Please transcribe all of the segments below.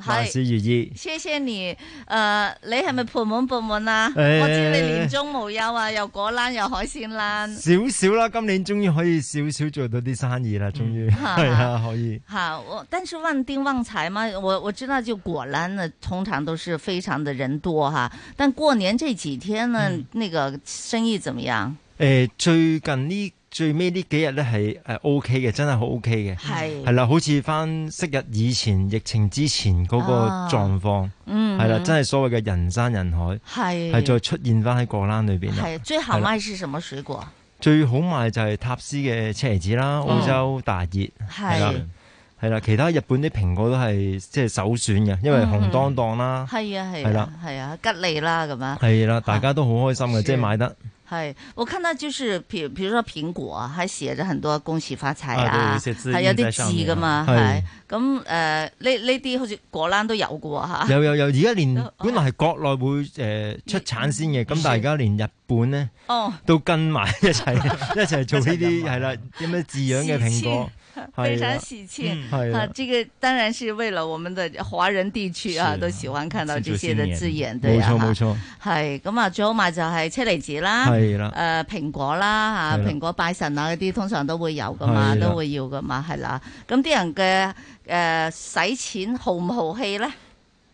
四時如意，好謝謝你。誒、呃，你係咪盆滿缽滿啊？哎哎我知你年中無休啊，哎哎又果欄又海鮮欄，少少啦。今年終於可以少少做到啲生意啦，終於係、嗯、 啊，哈哈可以。好，我但是旺丁旺財嘛，我我知道就果欄啊，通常都是非常的人多哈。但過年這幾天呢，嗯、那個生意怎麼樣？誒、哎，最近呢、這個？最尾呢幾日咧，係誒 O K 嘅，真係好 O K 嘅，係係是啦，好似翻昔日以前疫情之前嗰個狀況，係、啊嗯、啦，真係所謂嘅人山人海，係係是再出現翻喺果欄裏邊。係最好賣係什麼水果？最好賣就係塔斯嘅車厘子啦，澳洲大熱係、嗯、是啦，係啦，其他日本啲蘋果都係即係首選嘅，因為紅當當啦，係啊係，係啦係啊，吉利啦咁樣，係啦、啊，大家都好開心嘅，即係買得。係，我看到就是，譬如，譬如說蘋果，啊，還寫着很多恭喜發財啊，係有啲字噶嘛，係咁誒，呢呢啲好似果欄都有過吓。有有有，而家連 本來係國內會誒出產先嘅，咁但係而家連日本咧，哦，都跟埋一齊 一齊做呢啲係啦，啲咩字樣嘅蘋果。非常喜慶，啊，這個當然是為了我們的華人地區啊，都喜歡看到這些的字眼，對呀，冇錯冇錯，係咁啊，最好賣就係車厘子啦，係啦，誒蘋果啦吓，蘋果拜神啊嗰啲通常都會有噶嘛，都會有噶嘛，係啦，咁啲人嘅誒使錢豪唔豪氣咧？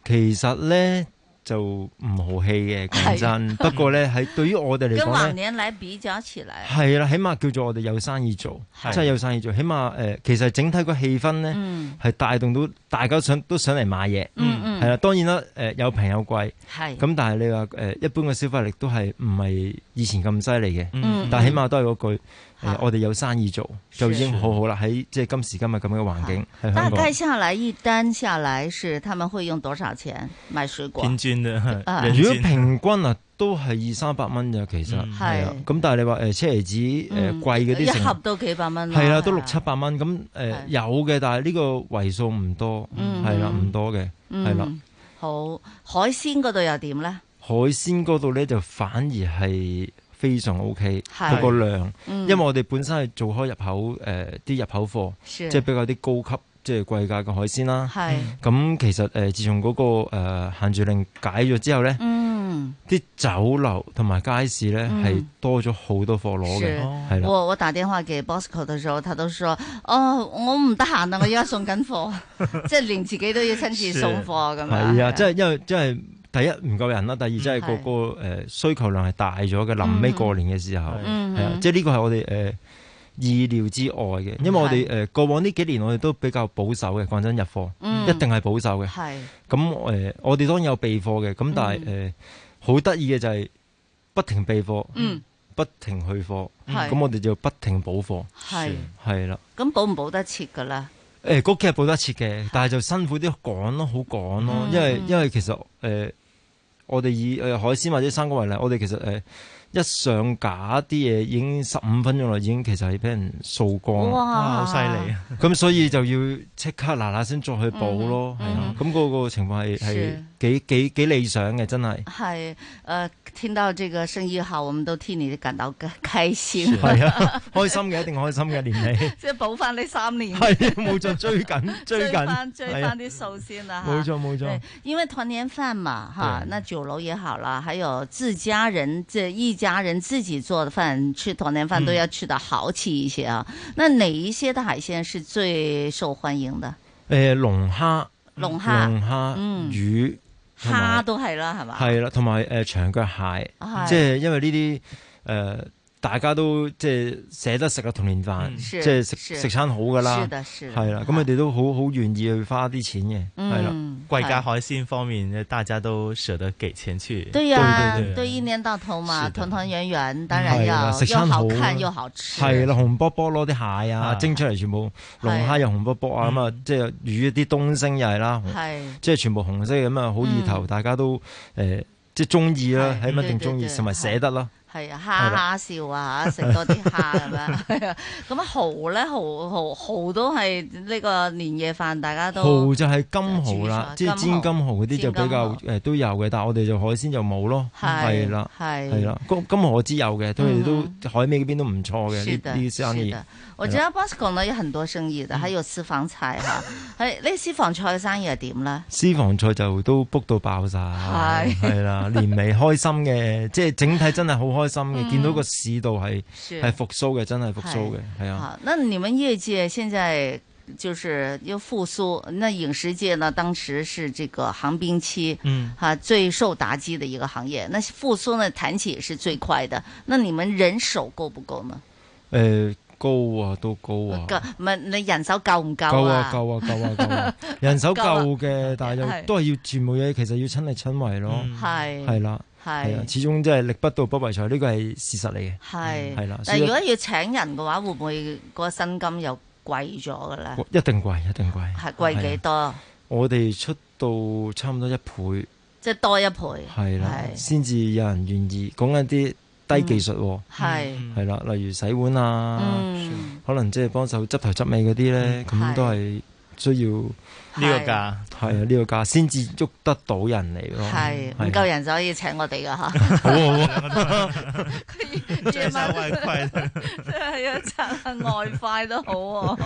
其實咧。就唔豪氣嘅，講真。的不過咧，係 對於我哋嚟講咧，跟往年來比較起嚟，係啦，起碼叫做我哋有生意做，是的真係有生意做。起碼誒、呃，其實整體個氣氛咧，係、嗯、帶動到大家想都想嚟買嘢，係啦、嗯嗯。當然啦，誒、呃、有平有貴，係咁的。但係你話誒、呃，一般嘅消費力都係唔係以前咁犀利嘅，嗯嗯嗯，但係起碼都係嗰句。我哋有生意做就已經好好啦，喺即係今時今日咁樣嘅環境。大概下來一單下嚟是他們會用多少錢買水果？天鑽啊！如果平均啊，都係二三百蚊咋，其實係啊。咁但係你話誒車厘子誒貴嗰啲一盒都幾百蚊，係啦，都六七百蚊。咁誒有嘅，但係呢個為數唔多，係啦，唔多嘅，係啦。好，海鮮嗰度又點咧？海鮮嗰度咧就反而係。非常 OK，嗰個量，因為我哋本身係做開入口誒啲入口貨，即係比較啲高級，即係貴價嘅海鮮啦。咁其實誒，自從嗰個限住令解咗之後咧，啲酒樓同埋街市咧係多咗好多貨攞嘅咯。我我打電話畀 Bosco 嘅時候，佢都話：哦，我唔得閒啦，我而家送緊貨，即係連自己都要親自送貨咁樣。係啊，即係因為即係。第一唔夠人啦，第二真係個個誒需求量係大咗嘅，臨尾過年嘅時候，係啊，即係呢個係我哋誒意料之外嘅，因為我哋誒過往呢幾年我哋都比較保守嘅，講真入貨一定係保守嘅。係咁誒，我哋當然有備貨嘅，咁但係誒好得意嘅就係不停備貨，嗯，不停去貨，咁我哋就不停補貨，係係啦。咁補唔補得切㗎啦？誒嗰幾日補得切嘅，但係就辛苦啲趕咯，好趕咯，因為因為其實誒。我哋以、呃、海鮮或者生果為例，我哋其實、呃、一上架啲嘢已經十五分鐘內已經其實係俾人掃光，哇！好犀利啊！咁 所以就要即刻嗱嗱聲再去補咯，嗯、啊！咁個、嗯、個情況係係。是幾幾幾理想嘅，真係、係、呃，聽到這個生意好，我們都替你感到開心。係啊，開心嘅一定開心嘅。年尾，即係補翻呢三年。係冇錯，追緊追緊，追翻追翻啲數先啦。冇錯冇錯，因為團年飯嘛，哈，那酒樓也好了，還有自家人這一家人自己做的飯，吃團年飯都要吃得豪氣一些啊。那哪一些的海鮮是最受歡迎的？誒，龍蝦、龍蝦、龍蝦、魚。蝦都係啦，係嘛？係啦，同埋誒長腳蟹，啊係啊，即係因為呢啲誒。呃大家都即係捨得食個團年飯，即係食食餐好㗎啦，係啦。咁佢哋都好好願意去花啲錢嘅，係啦。貴價海鮮方面，大家都捨得幾錢去。對呀，對一年到頭嘛，團團圓圓，當然要食餐好，又好看又好食。係啦，紅卜卜攞啲蟹啊，蒸出嚟全部龍蝦又紅卜卜啊，咁啊，即係魚啲東星又係啦，即係全部紅色咁啊，好意頭，大家都誒即係中意啦，起碼定中意，同埋捨得啦。係啊，蝦蝦笑啊，食多啲蝦咁樣。咁啊蠔咧，蠔蠔蠔都係呢個年夜飯大家都。蠔就係金蠔啦，即係煎金蠔嗰啲就比較誒都有嘅，但係我哋就海鮮就冇咯。係啦，係啦，金金蠔我知有嘅，都都海味嗰邊都唔錯嘅呢啲生意。我知得 Bosco 有很多生意，但係要私房菜嚇係呢私房菜嘅生意係點啦？私房菜就都卜到爆晒。係啦，年尾開心嘅，即係整體真係好開。開心嘅，嗯、見到個市道係係復蘇嘅，真係復蘇嘅，係啊。那你們業界現在就是要復蘇，那影視界呢？當時是這個寒冰期，嗯，哈、啊，最受打擊的一個行業。那復蘇呢，彈起也是最快的。那你們人手夠不夠呢？誒、呃，高啊，都高啊。唔係你人手夠唔夠啊？夠啊，夠啊，夠啊，啊 人手夠嘅，但係又都係要全部嘢，是其實要親力親為咯。係係、嗯、是啦。係，始終即係力不到不為財，呢個係事實嚟嘅。係，係啦。但係如果要請人嘅話，會唔會個薪金又貴咗嘅咧？一定貴，一定貴。係貴幾多？我哋出到差唔多一倍。即係多一倍。係啦，先至有人願意講緊啲低技術喎。係。係啦，例如洗碗啊，可能即係幫手執頭執尾嗰啲咧，咁都係需要呢個價。係啊，呢個價先至捉得到人嚟咯，係唔夠人就可以請我哋噶吓，好好啊，賺外快，即係要賺外快都好，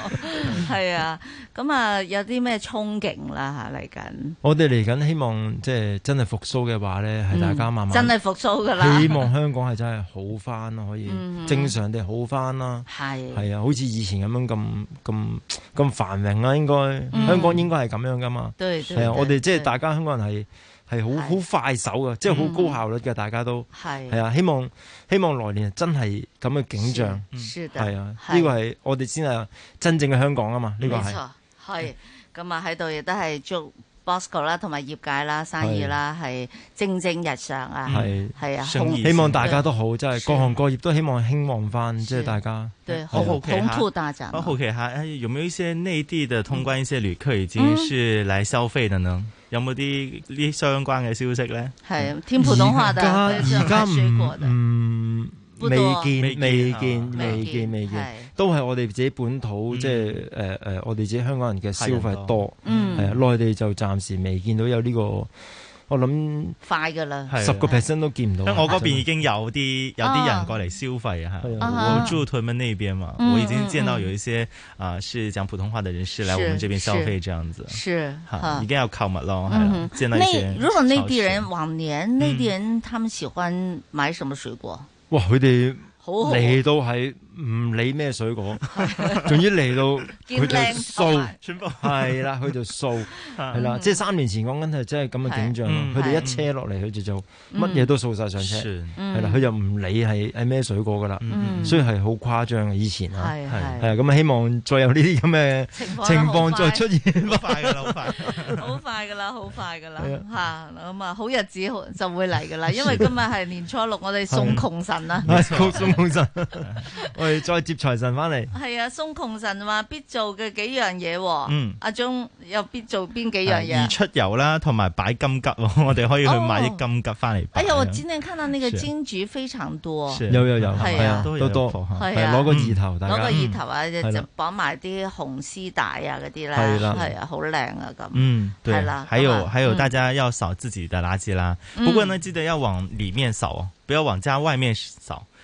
係啊，咁啊，有啲咩憧憬啦吓嚟緊？我哋嚟緊希望即係真係復蘇嘅話咧，係大家慢慢真係復蘇噶啦，希望香港係真係好翻咯，可以正常地好翻啦，係係啊，好似以前咁樣咁咁咁繁榮啦，應該香港應該係咁樣噶嘛。係對對對對啊，我哋即係大家香港人係係好好快手嘅，即係好高效率嘅，大家都係啊，希望希望來年真係咁嘅景象，係啊，呢、這個係我哋先係真正嘅香港啊嘛，呢、這個係，係咁啊喺度亦都係祝。bosco 啦，同埋業界啦，生意啦，係蒸蒸日上啊！係係啊，希望大家都好，即係各行各業都希望興旺翻，即係大家。對，好，好，好好好奇下，有冇一些內地嘅通關一些旅客已經係嚟消費等等，有冇啲相關嘅消息呢？係啊，聽普通話嘅，而家唔……未見，未見，未見，未見都係我哋自己本土，即係誒誒，我哋自己香港人嘅消費多，係啊，內地就暫時未見到有呢個，我諗快噶啦，十個 percent 都見唔到。我嗰邊已經有啲有啲人過嚟消費啊，嚇，我住喺屯門呢邊嘛，我已經見到有一些啊，是講普通話嘅人士嚟我們這邊消費，這樣子，已好，有購物靠埋咯，到如果內地人往年內地人，他們喜歡買什麼水果？哇，佢哋嚟都喺。唔理咩水果，仲要嚟到佢就掃，全部，係啦，佢就掃，係啦，即係三年前講緊係真係咁嘅景象咯。佢哋一車落嚟，佢就做乜嘢都掃曬上車，係啦，佢就唔理係係咩水果噶啦，所以係好誇張嘅以前啊，係啊，咁啊希望再有呢啲咁嘅情況再出現，好快，好快嘅啦，好快嘅啦，嚇咁啊，好日子就會嚟嘅啦，因為今日係年初六，我哋送窮神啊，送窮神。再接財神翻嚟，係啊，送窮神話必做嘅幾樣嘢。嗯，阿忠又必做邊幾樣嘢？出遊啦，同埋擺金桔，我哋可以去買啲金桔翻嚟。哎呀，我今天看到那個金桔非常多，有有有，係啊，都多，係攞個意頭，攞個意頭啊，就綁埋啲紅絲帶啊嗰啲啦，係啊，好靚啊咁。嗯，係啦，還有還有，大家要掃自己的垃圾啦，不過呢，記得要往裏面掃，不要往家外面掃。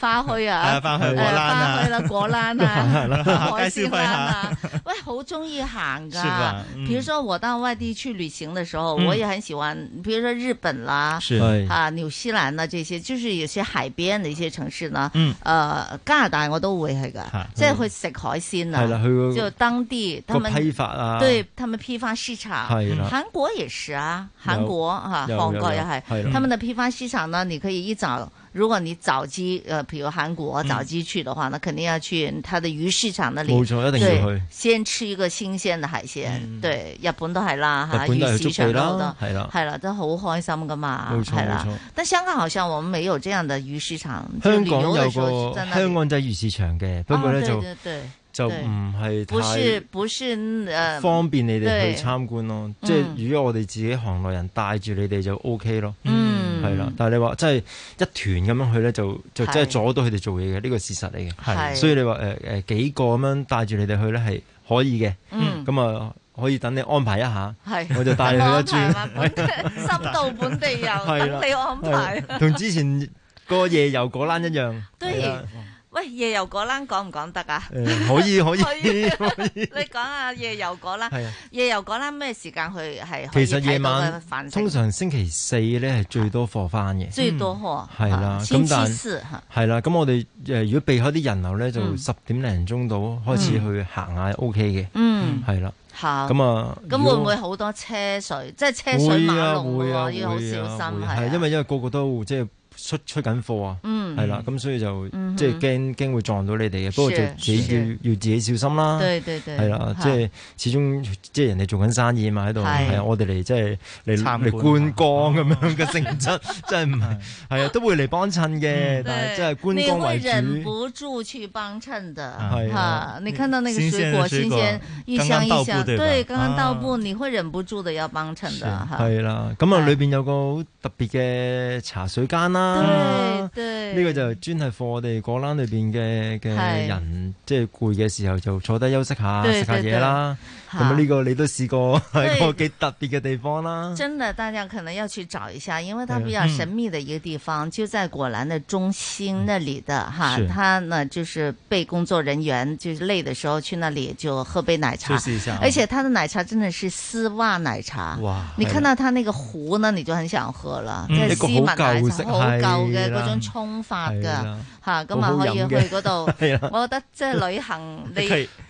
花墟啊，花墟、果欄啊，海鮮欄啊，喂，好中意行噶。譬如說，我到外地去旅行嘅時候，我也很喜歡。譬如說日本啦，啊紐西蘭啦這些，就是有些海邊的一些城市呢。嗯，呃加拿大我都會去噶，即係去食海鮮啊，就當地個批發啊，對，他們批發市場。係啦，韓國也是啊，韓國嚇韓國也係，他們的批發市場呢，你可以一早。如果你早機，誒，比如韓國早機去的話，那肯定要去佢的魚市場那裏。冇錯，一定要去。先吃一個新鮮的海鮮。對，日本都係啦，吓，魚市場都係啦，係啦，係啦，都好開心噶嘛。冇錯冇錯。但香港好像我冇有這樣的魚市場。香港有個香港仔魚市場嘅，不過咧就就唔係。不是不是誒。方便你哋去參觀咯，即係如果我哋自己行內人帶住你哋就 OK 咯。係啦，但係你話即係一團咁樣去咧，就就即係阻到佢哋做嘢嘅，呢個的事實嚟嘅。係的，所以你話誒誒幾個咁樣帶住你哋去咧係可以嘅。嗯，咁啊可以等你安排一下。係的，我就帶你去一轉、 啊。深度本地遊，等 的你安排、啊。同之前個夜遊果欄一樣。 對喂，夜遊果欄講唔講得啊？可以可以可以。你講下，夜遊果欄。夜遊果欄咩時間去係？其實夜晚。通常星期四咧係最多貨翻嘅。最多貨。係啦。咁但係。係啦，咁我哋誒如果避開啲人流咧，就十點零鐘到開始去行下 OK 嘅。嗯。係啦。咁啊。咁會唔會好多車水？即係車水馬龍啊！要好小心係。因為因為個個都即係。出出緊貨啊，嗯，係啦，咁所以就嗯，即係驚驚會撞到你哋嘅，不過就自己要要自己小心啦，對對對，係啦，即係始終即係人哋做緊生意嘛喺度，我哋嚟即係嚟參觀嚟觀光咁樣嘅性質，即係唔係係啊，都會嚟幫襯嘅，但係即係觀光。你會忍不住去幫襯的，嚇！你看到那個水果新鮮，一箱一箱，對，剛剛到埗，你會忍不住的要幫襯的，係啦。咁啊，裏邊有個好特別嘅茶水間啦。對對呢個就專係放我哋果欄裏邊嘅嘅人，即係攰嘅時候就坐低休息下食下嘢啦。咁啊呢個你都試過，係一個幾特別嘅地方啦。真的，大家可能要去找一下，因為它比較神秘的一個地方，就在果欄的中心那裏的哈。它呢就是被工作人員就是累的時候去那裏就喝杯奶茶，而且它的奶茶真的是絲襪奶茶，哇！你看到它那個壺呢，你就很想喝了，係絲襪奶茶。舊嘅嗰種沖法噶，吓咁啊可以去嗰度。我覺得即係旅行你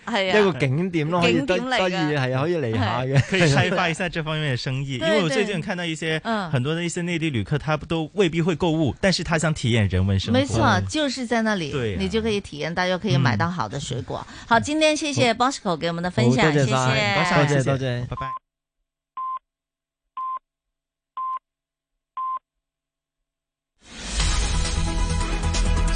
係一個景點咯，景點嚟嘅，係可以嚟下嘅，可以開發一下這方面嘅生意。因為我最近看到一些嗯，很多的一些內地旅客，他都未必會購物，但是他想體驗人文生活。沒錯，就是在那裡，你就可以體驗大家可以買到好的水果。好，今天謝謝 Bosco 給我們的分享，謝謝，多謝多謝，拜拜。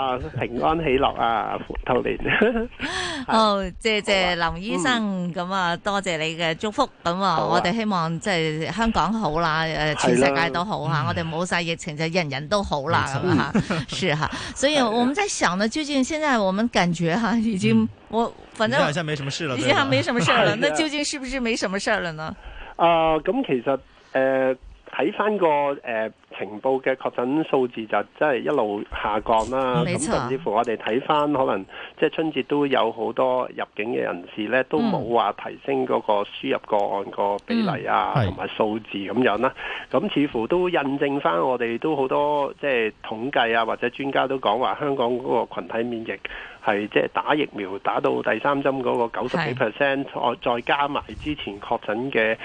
啊！平安喜樂啊，兔年。哦，謝謝林醫生，咁啊，多謝你嘅祝福，咁啊，我哋希望即係香港好啦，誒，全世界都好吓，我哋冇晒疫情就人人都好啦，咁啊吓，是吓。所以我們在想咧，究竟現在我們感覺哈，已經我反正好像沒什麼事了，已經好像沒什麼事了，那究竟是不是沒什麼事了呢？啊，咁其實誒，睇翻個誒。平報嘅確診數字就真係一路下降啦，咁甚至乎我哋睇翻可能即係春節都有好多入境嘅人士呢，嗯、都冇話提升嗰個輸入個案個比例啊，同埋數字咁樣啦。咁是似乎都印證翻我哋都好多即係統計啊，或者專家都講話香港嗰個群體免疫係即係打疫苗打到第三針嗰個九十幾 percent，再再加埋之前確診嘅。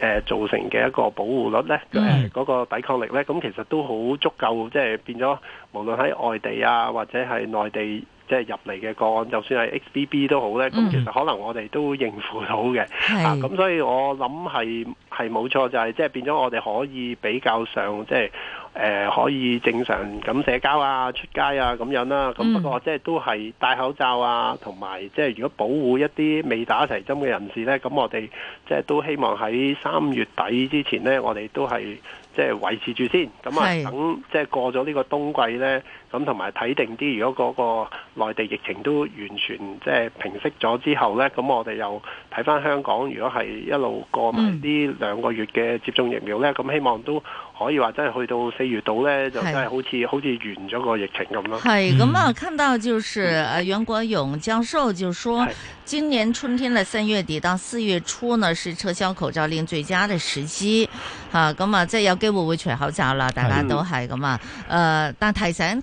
誒、呃、造成嘅一個保護率呢，誒、呃、嗰、嗰個抵抗力呢，咁其實都好足夠，即係變咗，無論喺外地啊，或者係內地。即係入嚟嘅個案，就算係 XBB 都好呢，咁、嗯、其實可能我哋都應付到嘅。咁是、啊、所以我諗係係冇錯，就係即係變咗我哋可以比較上，即、就、係、是呃、可以正常咁社交啊、出街啊咁樣啦、啊。咁、嗯、不過即係都係戴口罩啊，同埋即係如果保護一啲未打齊針嘅人士呢，咁我哋即係都希望喺三月底之前呢，我哋都係。即係維持住先，咁啊，等即係過咗呢個冬季呢，咁同埋睇定啲。如果嗰個內地疫情都完全即係、就是、平息咗之後呢，咁我哋又睇翻香港，如果係一路過埋呢兩個月嘅接種疫苗呢，咁希望都。可以話真係去到四月度咧，就真係好似是好似完咗個疫情咁咯。係咁啊，看到就是啊袁國勇教授就說，嗯、今年春天嘅三月底到四月初呢，是撤銷口罩令最佳嘅時機。嚇咁唉啊，即係有機會會除口罩啦，大家都係咁啊。誒是、呃，但提醒。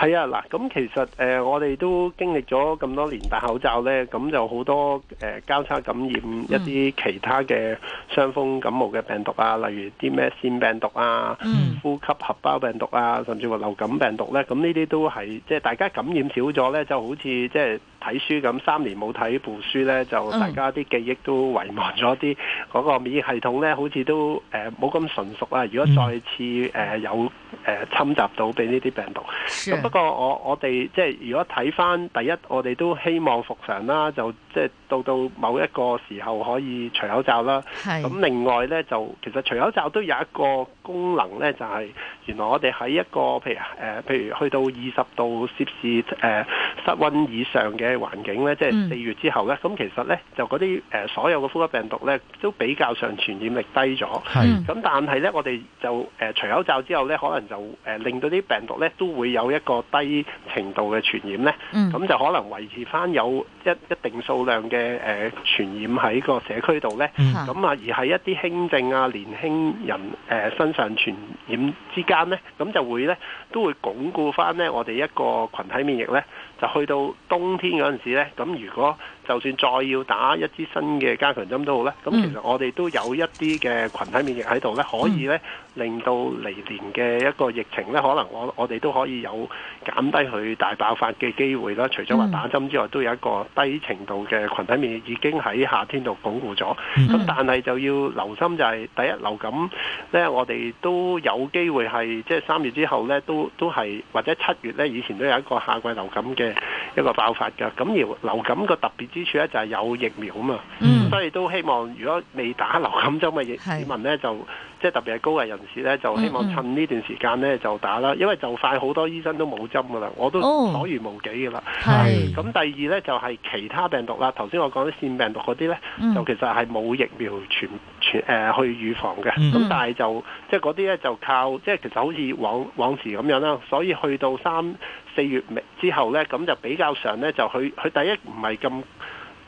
係啊，嗱，咁其實誒，我哋都經歷咗咁多年戴口罩咧，咁就好多、呃、交叉感染一啲其他嘅傷風感冒嘅病毒啊，例如啲咩腺病毒啊、呼吸合胞病毒啊，甚至話流感病毒咧、啊，咁呢啲都係即係大家感染少咗咧，就好似即係。睇書咁三年冇睇部書呢，就大家啲記憶都遺忘咗啲嗰個免疫系統呢，好似都誒冇咁純熟啊！如果再次誒有誒侵襲到俾呢啲病毒，咁、嗯、不過我我哋即係如果睇翻第一，我哋都希望復常啦，就即係到到某一個時候可以除口罩啦。咁是另外呢，就其實除口罩都有一個功能呢，就係、是、原來我哋喺一個譬如、呃、譬如去到二十度攝氏誒、呃、室溫以上嘅。環境咧，即係四月之後咧，咁、嗯、其實咧就嗰啲誒所有嘅呼吸病毒咧，都比較上傳染力低咗。咁是 但係咧，我哋就誒除口罩之後咧，可能就誒令到啲病毒咧都會有一個低程度嘅傳染咧。咁、嗯、就可能維持翻有一一定數量嘅誒傳染喺個社區度咧。咁啊、嗯、而喺一啲輕症啊年輕人誒身上傳染之間咧，咁就會咧都會鞏固翻咧我哋一個群體免疫咧。就去到冬天嗰陣時咧，咁如果，就算再要打一支新嘅加強針都好咧，咁其實我哋都有一啲嘅群體免疫喺度咧，可以咧令到嚟年嘅一個疫情咧，可能我我哋都可以有減低佢大爆發嘅機會啦。除咗話打針之外，都有一個低程度嘅群體免疫已經喺夏天度鞏固咗。咁但係就要留心就係、是、第一流感咧，我哋都有機會係即係三月之後咧，都都係或者七月咧，以前都有一個夏季流感嘅一個爆發噶。咁而流感個特別之呢處咧就係有疫苗啊嘛，嗯、所以都希望如果未打流感針嘅市民咧，是就即係特別係高危人士咧，就希望趁呢段時間咧、嗯、就打啦，因為就快好多醫生都冇針噶啦，我都所餘無幾噶啦。係咁、哦，第二咧就係、是、其他病毒啦，頭先我講啲腺病毒嗰啲咧，嗯、就其實係冇疫苗全全誒去預防嘅，咁、嗯、但係就即係嗰啲咧就靠即係、就是、其實好似往往時咁樣啦，所以去到三四月之後咧，咁就比較常咧就去佢第一唔係咁。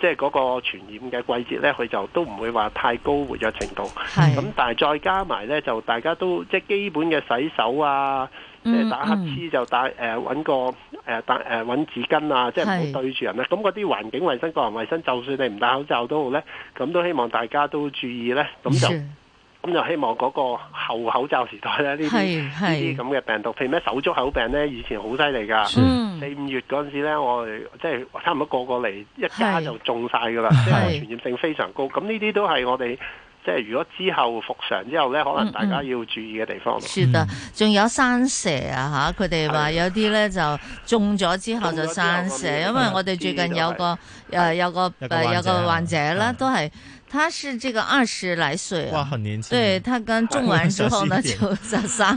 即係嗰個傳染嘅季節呢，佢就都唔會話太高活躍程度。咁是但係再加埋呢，就大家都即係、就是、基本嘅洗手啊，嗯呃、打乞嗤、嗯、就戴誒揾個誒戴誒紙巾啊，即係唔好對住人啦。咁嗰啲環境衞生、個人衞生，就算你唔戴口罩都好呢，咁都希望大家都注意呢。咁就。咁就希望嗰個後口罩時代咧，呢啲呢啲咁嘅病毒，譬如咩手足口病咧，以前好犀利噶，四五、嗯、月嗰陣時咧，我哋即係差唔多個個嚟一家就中晒噶啦，即係是傳染性非常高。咁呢啲都係我哋即係如果之後復常之後咧，可能大家要注意嘅地方咯。嗯嗯嗯、啊，仲有生蛇啊吓佢哋話有啲咧就中咗之後就生蛇，那那因為我哋最近有個有個、就是、有個患者啦、啊，都係。他是這個二十來歲，哇，很年輕。對，他剛種完之後呢，就就生蛇。咁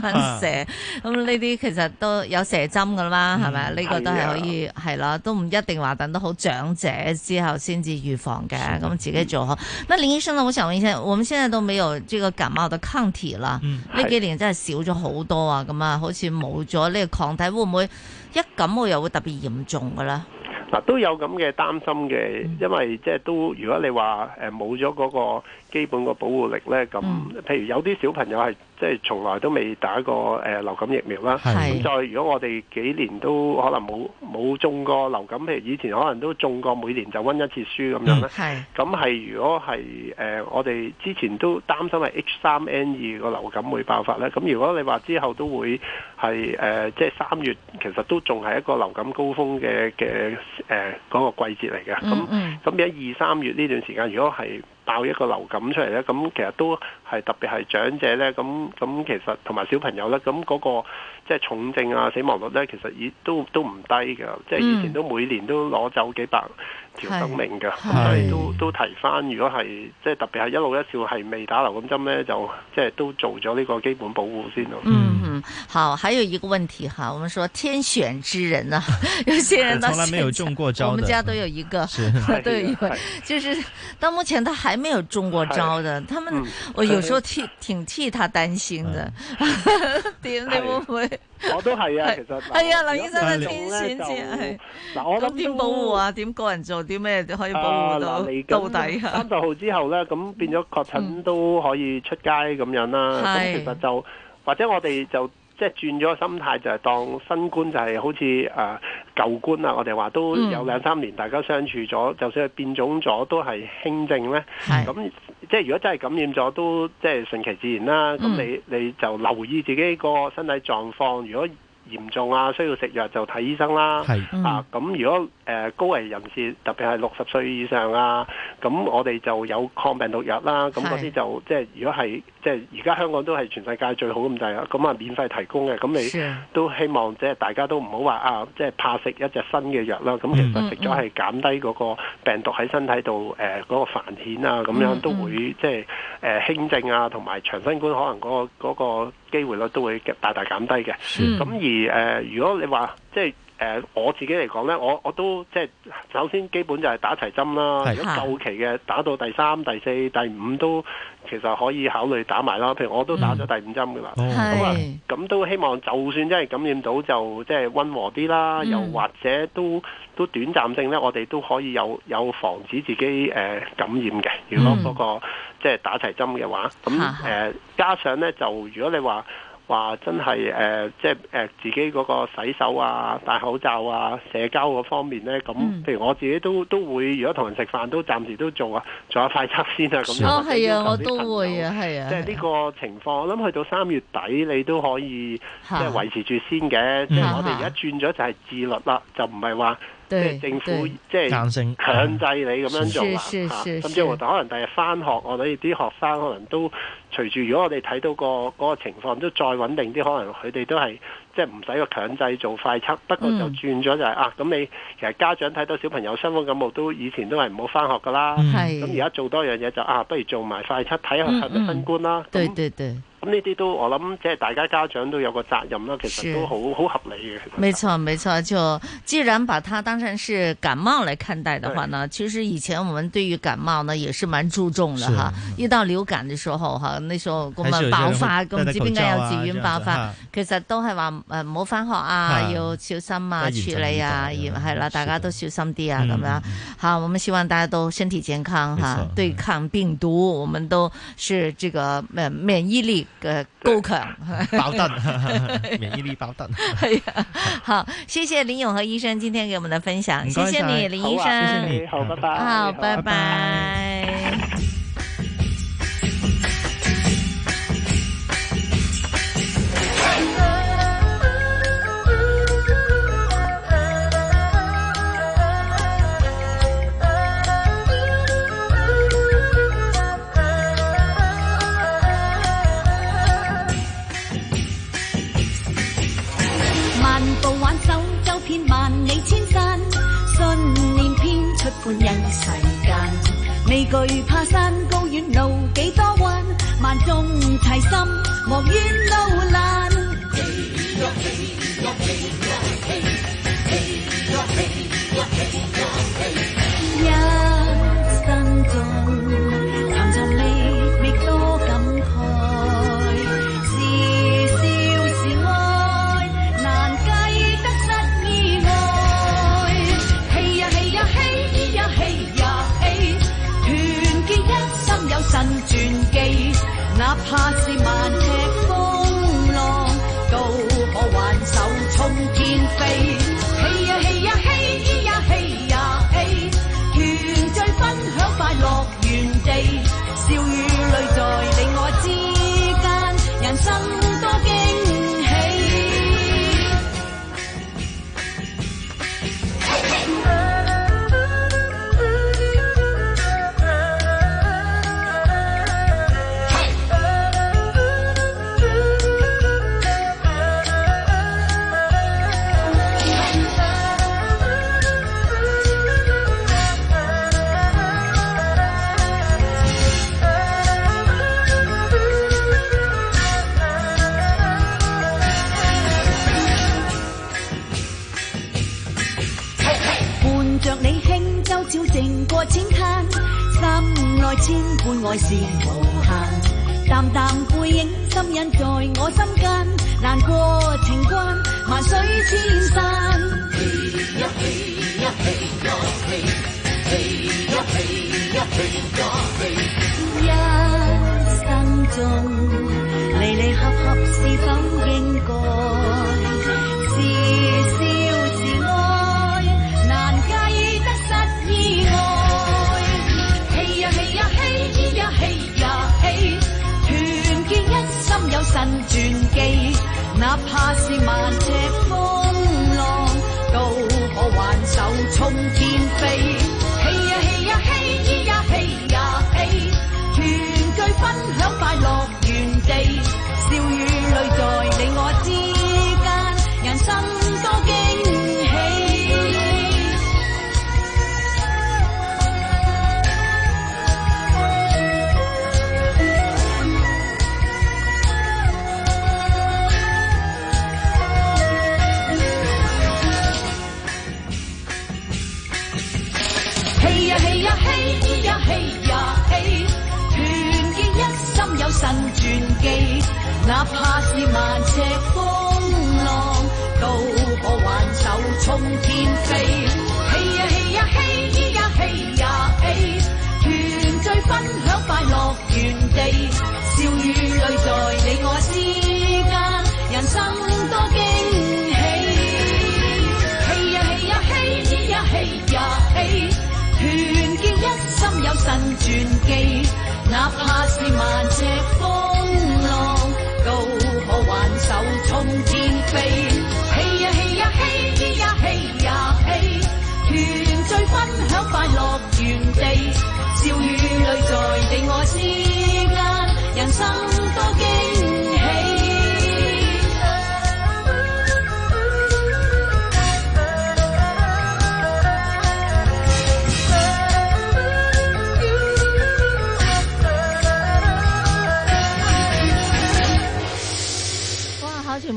呢啲其實都有蛇針噶啦，係咪、嗯？呢、這個都係可以，係、哎、呀啦，都唔一定話等到好長者之後先至預防嘅。咁的自己做好。那林醫生，呢我想問一下我們現在都沒有這個感冒的抗體啦？呢、嗯、幾年真係少咗好多啊！咁啊，好似冇咗呢個抗體，會唔會一感冒又會特別嚴重噶啦？嗱，都有咁嘅擔心嘅，因為即係都如果你話誒冇咗嗰個基本嘅保護力咧，咁，譬如有啲小朋友係即係從來都未打過誒流感疫苗啦。咁再如果我哋幾年都可能冇冇中過流感，譬如以前可能都中過，每年就温一次書咁樣咧。咁係如果係誒我哋之前都擔心係 H3N2 個流感會爆發咧，咁如果你話之後都會係誒即係三月其實都仲係一個流感高峯嘅嘅。誒嗰、呃那個季節嚟嘅，咁咁一二三月呢段時間，如果係爆一個流感出嚟咧，咁其實都係特別係長者咧，咁咁其實同埋小朋友咧，咁嗰個即係重症啊、死亡率咧，其實已都都唔低㗎。即、就、係、是、以前都每年都攞走幾百條生命㗎，咁、嗯、所以都都提翻，如果係即係特別係一路一笑係未打流感針咧，就即係都做咗呢個基本保護先咯。嗯好，還有一個問題哈，我們說天選之人啊，有些人到從來沒有中過招，我們家都有一個，是，都有一個，就是到目前他還沒有中過招的，他們我有時候替挺替他擔心的，對對，我我都係啊，其實係啊，林醫生係天選之人，那我咁點保護啊？點個人做啲咩可以保護到到底？三十號之後呢，咁變咗確診都可以出街咁樣啦，咁其實就。或者我哋就即係轉咗個心態，就係、是、當新冠就係好似誒舊冠啦。我哋話都有兩三年，大家相處咗，就算變種咗，都係輕症咧。咁是的 即係如果真係感染咗，都即係順其自然啦。咁你你就留意自己個身體狀況，如果嚴重啊，需要食藥就睇醫生啦。嗯、啊，咁如果誒、呃、高危人士，特別係六十歲以上啊，咁我哋就有抗病毒藥啦。咁嗰啲就即係如果係即係而家香港都係全世界最好咁滯啦，咁啊免費提供嘅。咁你都希望即係大家都唔好話啊，即係怕食一隻新嘅藥啦。咁其實食咗係減低嗰個病毒喺身體度誒嗰個繁衍啊，咁樣都會即係誒、呃、輕症啊，同埋長新冠可能嗰個嗰個。那個機會率都會大大減低嘅，咁、嗯、而誒、呃，如果你話即係。誒、呃，我自己嚟講呢，我我都即係首先基本就係打齊針啦。是如果後期嘅打到第三、第四、第五都，其實可以考慮打埋啦。譬如我都打咗第五針噶啦，啊。咁都希望就算真係感染到就，就即係溫和啲啦。嗯、又或者都都短暫性呢，我哋都可以有有防止自己誒、呃、感染嘅。如果嗰、那個、嗯、即係打齊針嘅話，咁誒哈、呃、加上呢，就如果你話。話真係誒，即係誒，自己嗰個洗手啊、戴口罩啊、社交嗰方面咧，咁，譬如我自己都都會，如果同人食飯都暫時都做啊，做下快測先啊，咁樣哦，係啊，我都會啊，係啊，即係呢個情況，我諗去到三月底，你都可以即係維持住先嘅，即係我哋而家轉咗就係自律啦，就唔係話即係政府即係強制你咁樣做啦，吓，甚至乎，可能第日翻學，我諗啲學生可能都。隨住如果我哋睇到個嗰個情況都再穩定啲，可能佢哋都係即係唔使個強制做快測，不過就轉咗就係、是嗯、啊，咁你其實家長睇到小朋友傷風感冒都以前都係唔好翻學噶啦，咁而家做多樣嘢就啊，不如做埋快測睇下係咪新冠啦。對對對，咁呢啲都我諗即係大家家長都有個責任啦，其實都好好是合理嘅、就是。沒錯沒錯，就既然把它當成是感冒嚟看待嘅話呢，是其實以前我們對於感冒呢也是蠻注重嘅哈，是遇到流感嘅時候哈。咁呢個咁啊爆發，咁唔知邊間幼稚園爆發，其實都係話誒唔好翻學啊，要小心啊，處理啊，而係啦，大家都小心啲啊咁樣。好，我們希望大家都身體健康哈，對抗病毒，我們都是這個免疫力嘅高強，爆燈，免疫力爆燈。係啊，好，謝謝林永和醫生今天給我們的分享，謝謝你，林醫生，謝謝你好，拜拜，好，拜拜。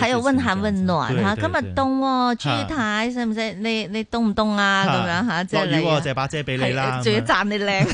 喺有問寒、溫暖嚇，今日凍喎，朱太使唔使你你凍唔凍啊？咁樣嚇，即係你，借把遮俾你啦，最讚你靚，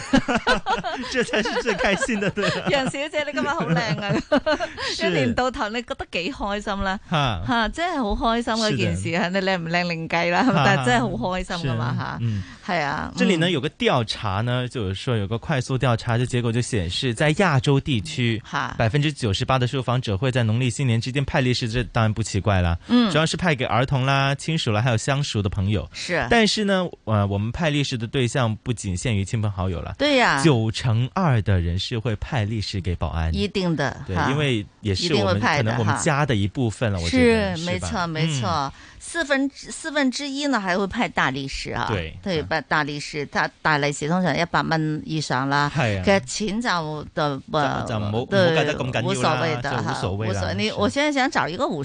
這才是最開心的對。楊小姐，你今日好靚啊！一年到頭，你覺得幾開心啦？嚇嚇，真係好開心嗰件事啊！你靚唔靚另計啦，但係真係好開心噶嘛嚇。係啊，這裡呢有個調查呢，就是說有個快速調查，就結果就顯示，在亞洲地區，百分之九十八的受訪者會在農曆新年之間派利是。當然不奇怪了。嗯，主要是派給兒童啦、親屬啦，還有相熟的朋友。是，但是呢，呃，我們派利是的對象不僅限於親朋好友了。對呀，九成二的人是會派利是給保安。一定的，對，因為也是我們可能我們家的一部分了。我是，沒錯，沒錯。四分四分之一呢，還會派大利是啊。對，對，把大利是，大大利是通常，一百蚊以上啦。係，嘅錢就就唔，就唔好唔好計得咁緊要啦。就無所謂的，無所謂的。你我現在想找一個五。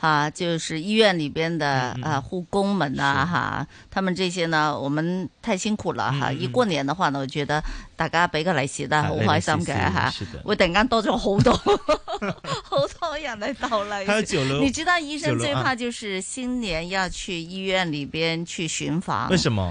哈、啊，就是醫院裏邊的、嗯、啊，護工們呐、啊，哈是、啊，他們這些呢，我們太辛苦了哈、嗯啊。一過年的話呢，我覺得大家俾個利是啦，好開心嘅哈，啊、的，我等間多咗好多好多人嚟逗利是，你知道醫生最怕就是新年要去醫院裏邊去巡房。為什麼？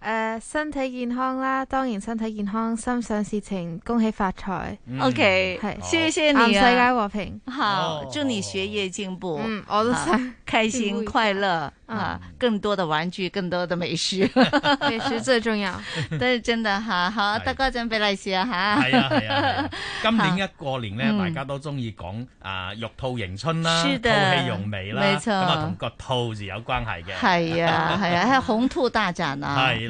誒，身體健康啦，當然身體健康，心想事情，恭喜發財。O.K. 係，謝謝你，世界和平，好，祝你學業進步，我都想開心快樂啊，更多的玩具，更多的美食，美食最重要，都係真的吓。好，得哥準備利是啊吓。係啊係啊，今年一過年呢，大家都中意講啊，玉兔迎春啦，兔氣融眉啦，咁啊同個兔字有關係嘅。係啊係啊，係紅兔大展啊。係。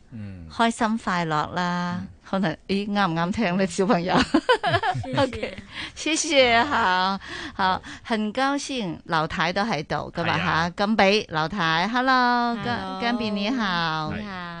嗯、開心快樂啦，嗯、可能，咦，啱唔啱聽咧？小朋友，O K，謝謝。好，好，很高興劉太都喺度，咁啊吓，甘比，劉太，Hello，甘比你好，你好。你好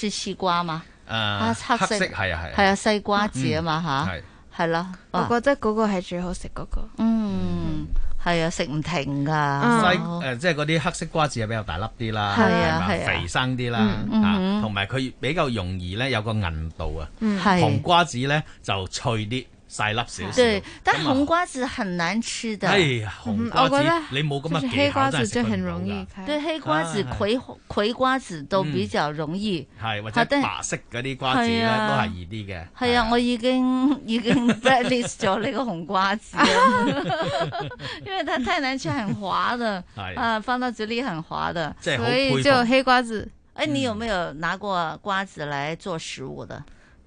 黑絲瓜嘛，黑黑色係啊係，係啊西瓜子啊嘛嚇，係啦，我覺得嗰個係最好食嗰個，嗯係啊食唔停㗎，西誒即係嗰啲黑色瓜子啊比較大粒啲啦，係啊係啊肥生啲啦，同埋佢比較容易咧有個韌度啊，紅瓜子咧就脆啲。細粒少少。對，但紅瓜子很難吃的。哎啊，紅瓜子。你冇咁乜技巧就很容易。對，黑瓜子、葵葵瓜子都比較容易。係或者白色嗰啲瓜子都係易啲嘅。係啊，我已經已經 blacklist 咗呢個紅瓜子，因為它太難吃，很滑的。啊，放到嘴裏很滑的。即係好佩服。所以就黑瓜子。哎，你有冇有拿過瓜子來做食物的？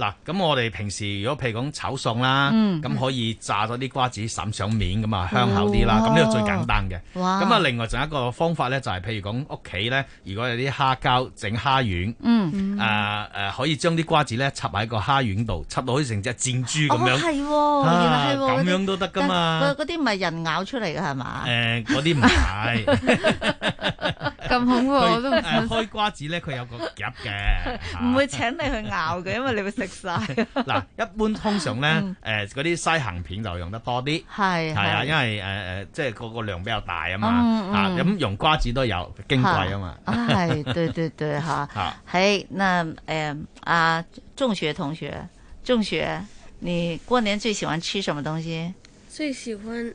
嗱，咁我哋平時如果譬如講炒餸啦，咁可以炸咗啲瓜子灑上面咁啊，香口啲啦。咁呢個最簡單嘅。哇！咁啊，另外仲有一個方法咧，就係譬如講屋企咧，如果有啲蝦膠整蝦丸，嗯，啊誒，可以將啲瓜子咧插喺個蝦丸度，插到好似成隻箭豬咁樣。哦，係，原來係，咁樣都得噶嘛。但嗰啲唔係人咬出嚟嘅係嘛？誒，嗰啲唔係。咁恐怖，我都唔想。開瓜子咧，佢有個夾嘅，唔會請你去咬嘅，因為你會食晒。嗱，一般通常咧，誒嗰啲西行片就用得多啲，係係啊，因為誒誒，即係個個量比較大啊嘛，啊咁用瓜子都有矜貴啊嘛。係，對對對，吓。喺，那誒啊，中學同學，中學，你過年最喜歡吃什麼東西？最喜歡。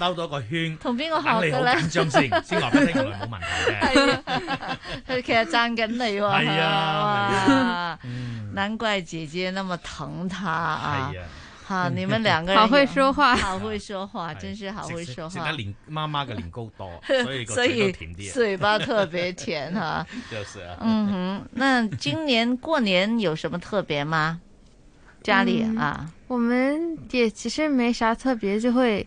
兜多個圈，同邊個學嘅咧？緊問啊，佢其實爭緊你喎。係啊，難怪姐姐那麼疼他啊。好，你們兩個人好會說話，好會說話，真是好會說話。食得年媽媽嘅年糕多，所以所以甜啲，嘴巴特別甜哈。就是啊，嗯哼，那今年過年有什麼特別嗎？家裡啊，我們也其實沒啥特別，就會。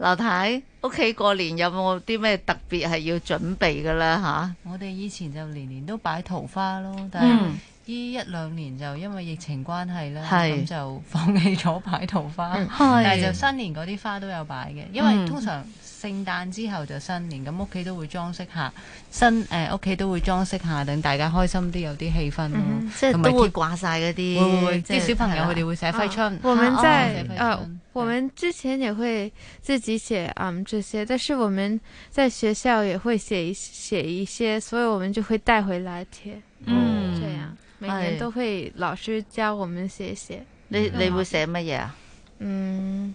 劉太屋企過年有冇啲咩特別係要準備噶啦吓？啊、我哋以前就年年都擺桃花咯，但係呢一兩年就因為疫情關係咧，咁是就放棄咗擺桃花，是但係就新年嗰啲花都有擺嘅，因為通常、嗯。聖誕之後就新年，咁屋企都會裝飾下，新誒屋企都會裝飾下，等大家開心啲，有啲氣氛咯。即係、嗯、有都會掛晒嗰啲，會唔會即係、就是、小朋友佢哋會寫揮春、啊。我們在、哦、啊，我們之前也會自己寫啊、嗯、這些，但是我們在學校也會寫寫一些，所以我們就會帶回來貼。嗯，這樣每年都會老師教我們寫寫。的你你會寫乜嘢啊？嗯。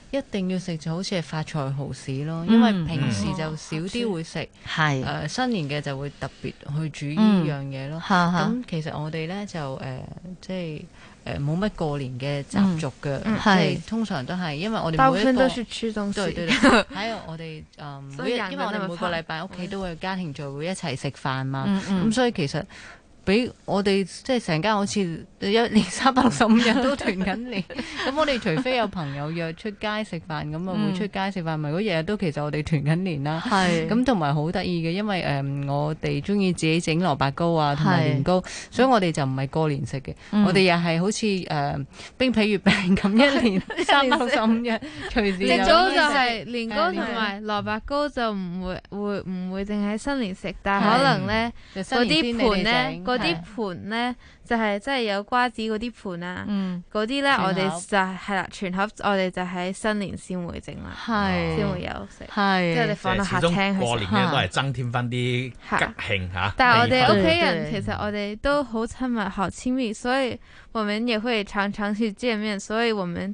一定要食就好似係發財好市咯，嗯、因為平時就少啲會食、嗯呃，新年嘅就會特別去煮呢樣嘢咯。咁、嗯、其實我哋咧就、呃、即係冇乜過年嘅習俗嘅，即係通常都係因為我哋本身都係出東西，對對。喺 我哋誒、嗯， 因為我哋每個禮拜屋企都會有家庭聚會一齊食飯嘛，咁、嗯嗯、所以其實。俾我哋即係成間好似一年三百六十五日都團緊年，咁我哋除非有朋友約出街食飯，咁啊會出街食飯，咪日日都其實我哋團緊年啦。係咁。同埋好得意嘅，因為誒我哋中意自己整蘿蔔糕啊同埋年糕，所以我哋就唔係過年食嘅，我哋又係好似誒冰皮月餅咁一年三百六十五日隨時有。年糕就係年糕同埋蘿蔔糕就唔會會唔會淨喺新年食，但係可能咧嗰啲盤咧個。啲盤咧就係即係有瓜子嗰啲盤啊，嗰啲咧我哋就係啦，全盒我哋就喺新年先會整啦，是先會有食，即係你放到客廳。過年咧都係增添翻啲吉慶嚇。是啊、但係我哋屋企人對對對，其實我哋都好親密好親密，所以我哋亦會常常去見面，所以我哋。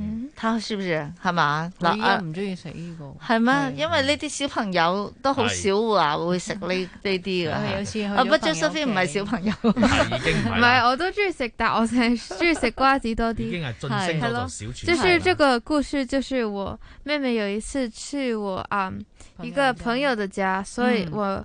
嗯，他是不是啊？係嘛嗱，我唔中意食呢個係咩？因為呢啲小朋友都好少話會食呢呢啲㗎。係有時，我不知 Josephine 唔係小朋友。唔係我都中意食，但我我淨係中意食瓜子多啲。已經係晉升嗰度少即個故事，就是我妹妹有一次去我啊一個朋友的家，所以我。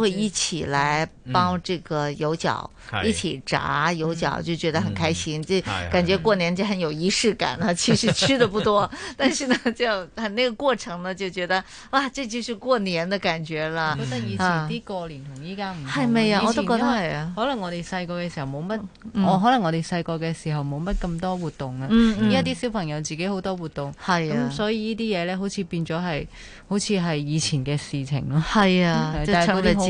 會一起來包這個油角，一起炸油角，就覺得很開心。感覺過年就很有儀式感。其實吃的不多，但是呢，就很那個過程呢，就覺得哇，這就是過年的感覺了。覺得以前啲過年同依家唔係咪啊？我都覺得係啊。可能我哋細個嘅時候冇乜，我可能我哋細個嘅時候冇乜咁多活動啊。依家啲小朋友自己好多活動，係啊。咁所以呢啲嘢咧，好似變咗係，好似係以前嘅事情咯。係啊，但係佢哋。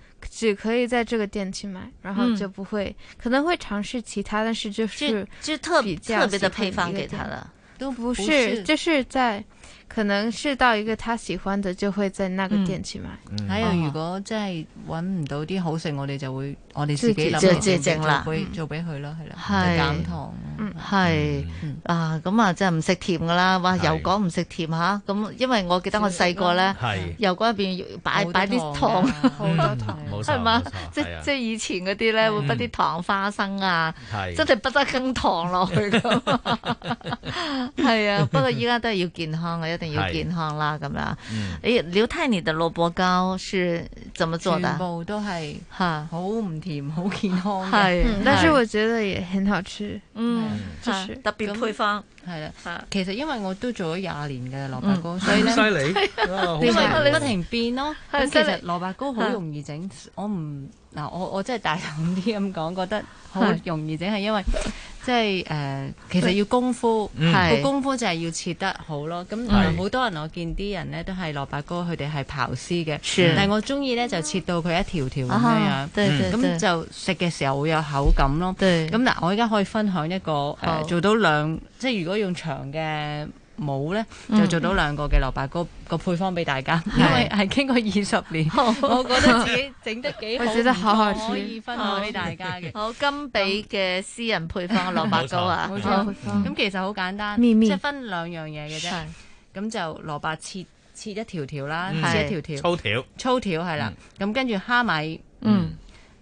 只可以在這個店去買，然後就不會，嗯、可能會嘗試其他，但是就是比較就特特別的配方給他了，都不是，不是就是在，可能是到一個他喜歡的，就會在那個店去買。還有如果真係搵唔到啲好食，啊、我哋就會。我哋自己即係正做俾做俾佢咯，係啦，減糖，嗯，係啊，咁啊，即係唔食甜噶啦，哇，油果唔食甜吓，咁因為我記得我細個咧，油果入邊擺擺啲糖，好多糖，係嘛？即即係以前嗰啲咧，會擺啲糖花生啊，真係不得更糖落去咁，係啊。不過依家都係要健康，一定要健康啦咁樣。誒，劉泰尼的蘿蔔糕是怎麼做的？全部都係吓，好唔～甜好健康係、嗯、但是我覺得也很好吃嗯，特別配方係啦。其實因為我都做咗廿年嘅蘿蔔糕，嗯、所以呢好犀利，因為你不停變咯。其實蘿蔔糕好容易整，我唔。嗱、啊，我我真係大膽啲咁講，覺得好容易，只係因為即係誒、呃，其實要功夫，個、嗯、功夫就係要切得好咯。咁好、嗯嗯、多人我見啲人咧都係蘿蔔糕佢哋係刨絲嘅，但我中意咧就切到佢一條條咁樣咁、啊嗯、就食嘅時候會有口感咯。咁嗱，我而家可以分享一個、呃、做到兩，即係如果用長嘅。冇咧，就做到兩個嘅蘿蔔糕個配方俾大家，因為係經過二十年，我覺得自己整得幾好，得可以分享俾大家嘅。好金比嘅私人配方蘿蔔糕啊，冇錯，咁其實好簡單，即係分兩樣嘢嘅啫。咁就蘿蔔切切一條條啦，切一條條粗條，粗條係啦。咁跟住蝦米，嗯。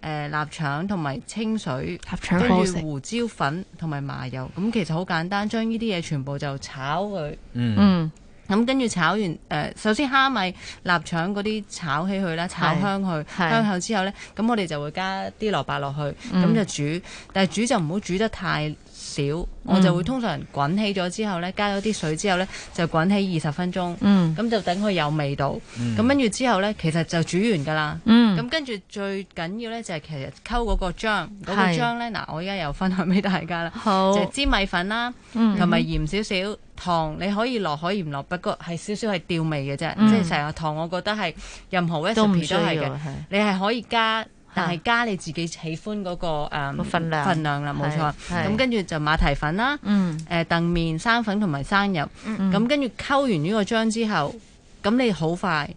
誒臘、呃、腸同埋清水，跟住胡椒粉同埋麻油，咁其實好簡單，將呢啲嘢全部就炒佢。嗯，咁跟住炒完、呃，首先蝦米、臘腸嗰啲炒起去啦，炒香去香口之後咧，咁我哋就會加啲蘿蔔落去，咁就煮。嗯、但係煮就唔好煮得太。少，我就會通常滾起咗之後咧，加咗啲水之後咧，就滾起二十分鐘，咁、嗯、就等佢有味道。咁跟住之後咧，其實就煮完噶啦。咁跟住最緊要咧就係其實溝嗰個漿，嗰是個漿咧嗱，我而家又分享俾大家啦，好就係粘米粉啦，同埋鹽少少糖，你可以落可以唔落，不過係少少係調味嘅啫，嗯、即係成日糖我覺得係任何 recipe 都係嘅，是的是你係可以加。但係加你自己喜歡嗰、那個、嗯、份量份量啦，冇錯。咁跟住就馬蹄粉啦，誒澄麵、生粉同埋生油。咁、嗯、跟住溝完呢個漿之後，咁你好快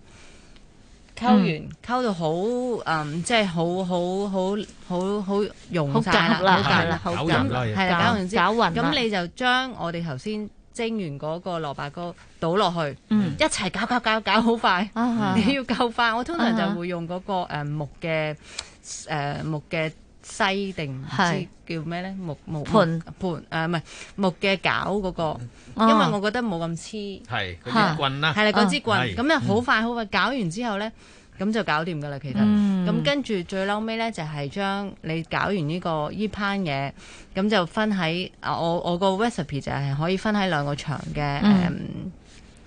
溝完、嗯、溝到好嗯即係好好好好好溶曬啦，好啦，好夾啦。咁係啊，搞完之後，咁你就將我哋頭先。蒸完嗰個蘿蔔糕倒落去，一齊攪攪攪攪好快，你要夠快。我通常就會用嗰個誒木嘅誒木嘅篩，定唔知叫咩咧，木木盤盤誒唔係木嘅攪嗰個，因為我覺得冇咁黐。係嗰支棍啦，係啦，嗰支棍，咁啊好快好快攪完之後咧。咁就搞掂㗎啦，其實。咁、嗯嗯、跟住最撈尾咧，就係將你搞完呢個依盤嘢，咁就分喺啊我我個 recipe 就係可以分喺兩個長嘅誒、嗯嗯、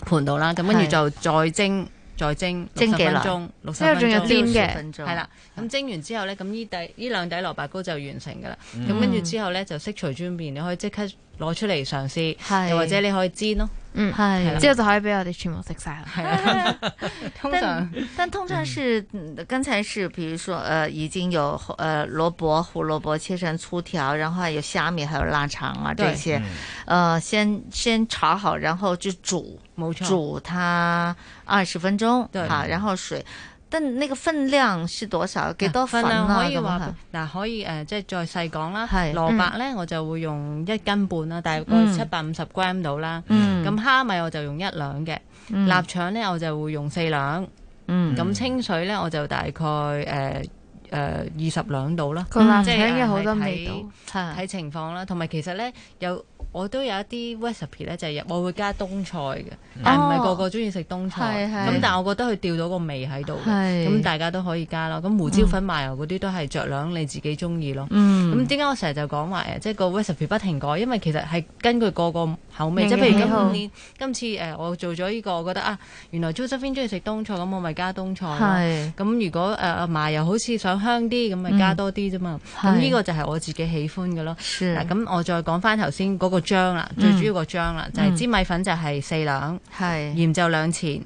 盤度啦。咁跟住就再蒸，再蒸。蒸幾分鐘？六十分鐘。分鐘之後有嘅，係啦。咁蒸完之後咧，咁呢底依兩底蘿蔔糕就完成噶啦。咁跟住之後咧，就色除轉變，你可以即刻攞出嚟嘗試，是又或者你可以煎咯。嗯，係的。之後就可以俾我哋全部食晒啦。係啊，通常但，但通常是，剛才是，譬如說，誒、呃，已經有誒蘿蔔、胡蘿蔔切成粗條，然後有蝦米，還有臘腸啊，這些，誒、嗯呃，先先炒好，然後就煮，冇錯煮它二十分鐘，對好，然後水。但呢個分量是多少？幾多分量可以話嗱？可以誒，即係再細講啦。蘿蔔咧，我就會用一斤半啦，大概七百五十 gram 到啦。咁蝦米我就用一兩嘅，臘腸咧我就會用四兩。咁清水咧我就大概誒誒二十兩度啦。即係已經好多味，睇情況啦。同埋其實咧有。我都有一啲 recipe 咧，就係我會加冬菜嘅，但係唔係個個中意食冬菜，咁但係我覺得佢吊到個味喺度嘅，咁大家都可以加咯。咁胡椒粉、麻油嗰啲都係酌量你自己中意咯。咁點解我成日就講話誒，即係個 recipe 不停改，因為其實係根據個個口味，即係譬如今年今次誒，我做咗呢個我覺得啊，原來 Josephine 中意食冬菜，咁我咪加冬菜咯。咁如果誒麻油好似想香啲，咁咪加多啲啫嘛。咁呢個就係我自己喜歡嘅咯。嗱，咁我再講翻頭先嗰個。章啦，最主要個章啦，就係粘米粉就係四兩，鹽就兩錢，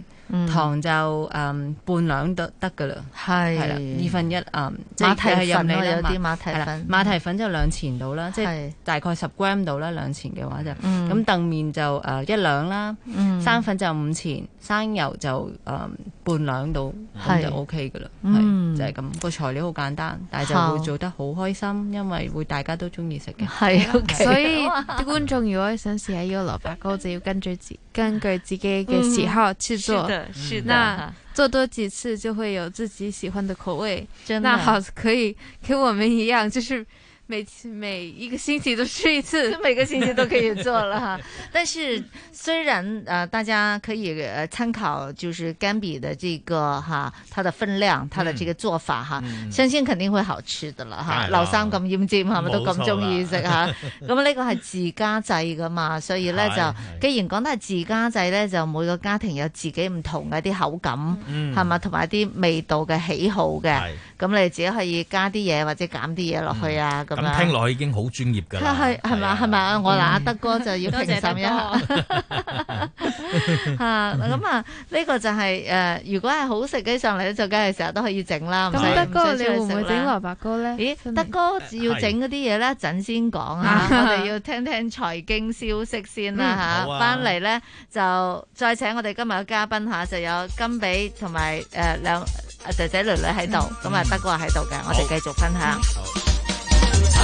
糖就誒半兩得得噶啦，係啦二分一誒，即係係有啲馬蹄粉，馬蹄粉就兩錢到啦，即係大概十 gram 到啦，兩錢嘅話就，咁凳麵就誒一兩啦，生粉就五錢。生油就誒、嗯、半兩度，咁就 O K 嘅啦，就係咁個材料好簡單，嗯、但係就會做得好開心，好因為會大家都中意食嘅。係，okay、所以啲哇觀眾如果想試下呢個蘿蔔糕，就要根據自根據自己嘅喜好去做。嗯、是的，是的。那做多幾次就會有自己喜歡嘅口味，真的那好可以跟我們一樣，就是。每次每一個星期都食一次，每個星期都可以做了 但是雖然啊、呃，大家可以參、呃、考就是甘比的這個哈，他、啊、的分量，他的這個做法哈，相信、嗯嗯、肯定會好吃的了哈。劉三咁腌尖係咪都咁中意食吓？咁呢錯、 啊、個係自家製噶嘛，所以咧是就既然講得係自家製咧，就每個家庭有自己唔同嘅啲口感，係嘛，同埋啲味道嘅喜好嘅，咁是你自己可以加啲嘢或者減啲嘢落去啊咁。嗯聽落去已經好專業噶啦，係係嘛係嘛，我嗱德哥就要評審一下吓。咁啊，呢個就係誒，如果係好食嘅上嚟咧，就梗係成日都可以整啦。咁德哥，你會唔會整蘿蔔糕咧？咦，德哥要整嗰啲嘢咧，陣先講啊！我哋要聽聽財經消息先啦吓。翻嚟咧就再請我哋今日嘅嘉賓吓，就有甘比同埋誒兩阿姐姐女女喺度，咁啊德哥喺度嘅，我哋繼續分享。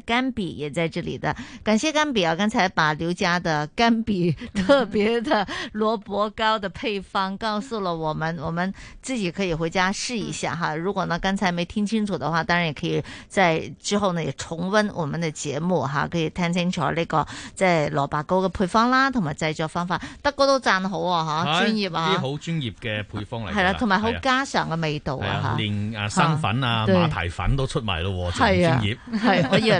甘比也在這裏的，感謝甘比啊！剛才把劉家的甘比特別的蘿蔔糕的配方告訴了我們， 我們自己可以回家試一下哈。如果呢剛才沒聽清楚的話，當然也可以在之後呢也重溫我們的節目哈，可以聽清楚呢個在蘿蔔糕嘅配方啦，同埋製作方法。德哥都讚好啊，哈、哎，專業啊，好專業嘅配方嚟、啊，係啦、啊，同埋好家常嘅味道啊，連誒、啊啊啊、生粉啊、啊馬蹄粉都出埋咯，係啊，專業係一樣。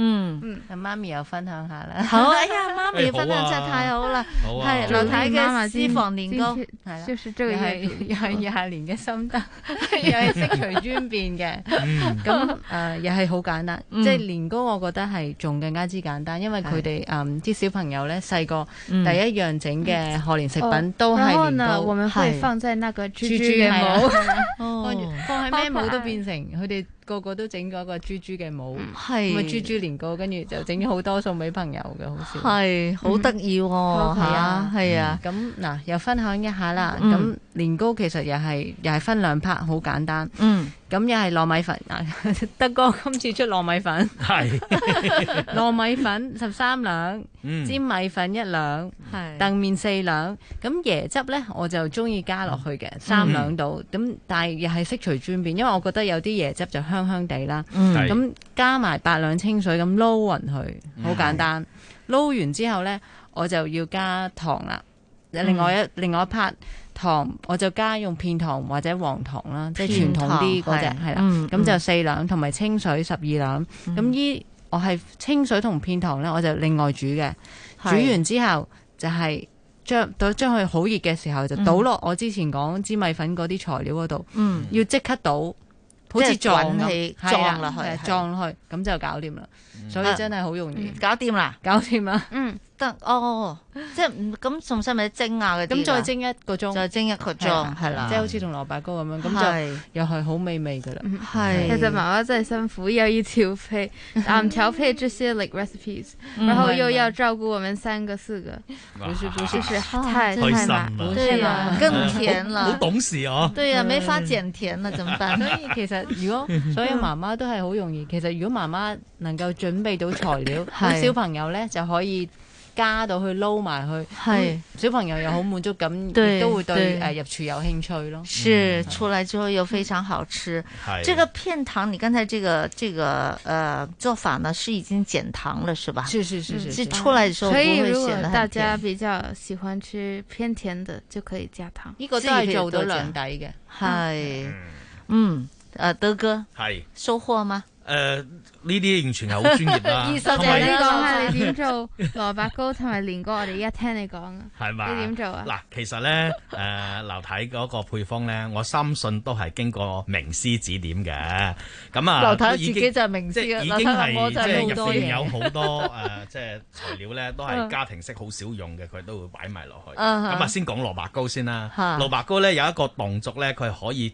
嗯，咁媽咪又分享下啦。好啊，哎呀，媽咪分享真太好啦。好啊，係劉太嘅私房年糕，係啦，又係廿年嘅心得，又係食隨磚變嘅。咁誒，又係好簡單，即係年糕，我覺得係仲更加之簡單，因為佢哋誒啲小朋友咧細個第一樣整嘅賀年食品都係年糕，係。然後呢，我們會放在那個豬豬嘅帽，放放喺咩帽都變成佢哋。個個都整咗個豬豬嘅帽，因為豬豬年糕，跟住就整咗好多送俾朋友嘅，好似係好得意喎啊，係啊，咁嗱、嗯、又分享一下啦，咁、嗯、年糕其實又係又係分兩 part，好簡單。嗯咁又係糯米粉， 德哥今次出糯米粉，係是 糯米粉十三兩，粘、嗯、米粉一兩，係是，澄麵四兩。咁椰汁呢，我就中意加落去嘅三兩度，咁、嗯、但係又係悉隨尊便，因為我覺得有啲椰汁就香香地啦。咁、嗯、加埋八兩清水勻，咁撈勻去，好簡單。撈是的 完之後呢，我就要加糖啦。另外一、嗯、另外一 part。糖我就加用片糖或者黃糖啦，即係傳統啲嗰隻，係啦，咁就四兩同埋清水十二兩。咁呢我係清水同片糖咧，我就另外煮嘅。煮完之後就係將到將佢好熱嘅時候，就倒落我之前講芝米粉嗰啲材料嗰度。嗯，要即刻倒，好似撞起撞落去，撞落去，咁就搞掂啦。所以真係好容易，搞掂啦，搞掂啦。嗯。得哦，即係咁，仲使唔使蒸啊？咁再蒸一個鐘，再蒸一個鐘。係啦，即係好似同蘿蔔糕咁樣，咁就又係好美味噶啦。係，其實媽媽真係辛苦，又要調配，啊調配這些 like recipes，然後又要照顧我們三個四個，不是不是是太開心，不更甜了，好懂事哦。對呀，沒法減甜啦，怎麼辦？所以其實如果所有媽媽都係好容易，其實如果媽媽能夠準備到材料，咁小朋友咧就可以。加到去撈埋去，係小朋友又好滿足，感，都會對誒入廚有興趣咯。是，出來之後又非常好吃。係，這個片糖，你剛才這個這個誒做法呢，是已經減糖了，是吧？是是是是。出來的時候大家比較喜歡吃偏甜的，就可以加糖。呢個都係做到兩底嘅。係，嗯，誒，德哥係收貨嗎？誒。呢啲完全係好專業啦，同埋你講下你點做蘿蔔糕同埋年糕，我哋依家聽你講，係咪？你點做啊？嗱，其實咧，誒劉太嗰個配方咧，我相信都係經過名師指點嘅。咁啊，劉太自己就係名師啊，劉太阿婆真係好多嘢。即係入面有好多誒，即係材料咧，都係家庭式好少用嘅，佢都會擺埋落去。咁啊，先講蘿蔔糕先啦。蘿蔔糕咧有一個動作咧，佢係可以，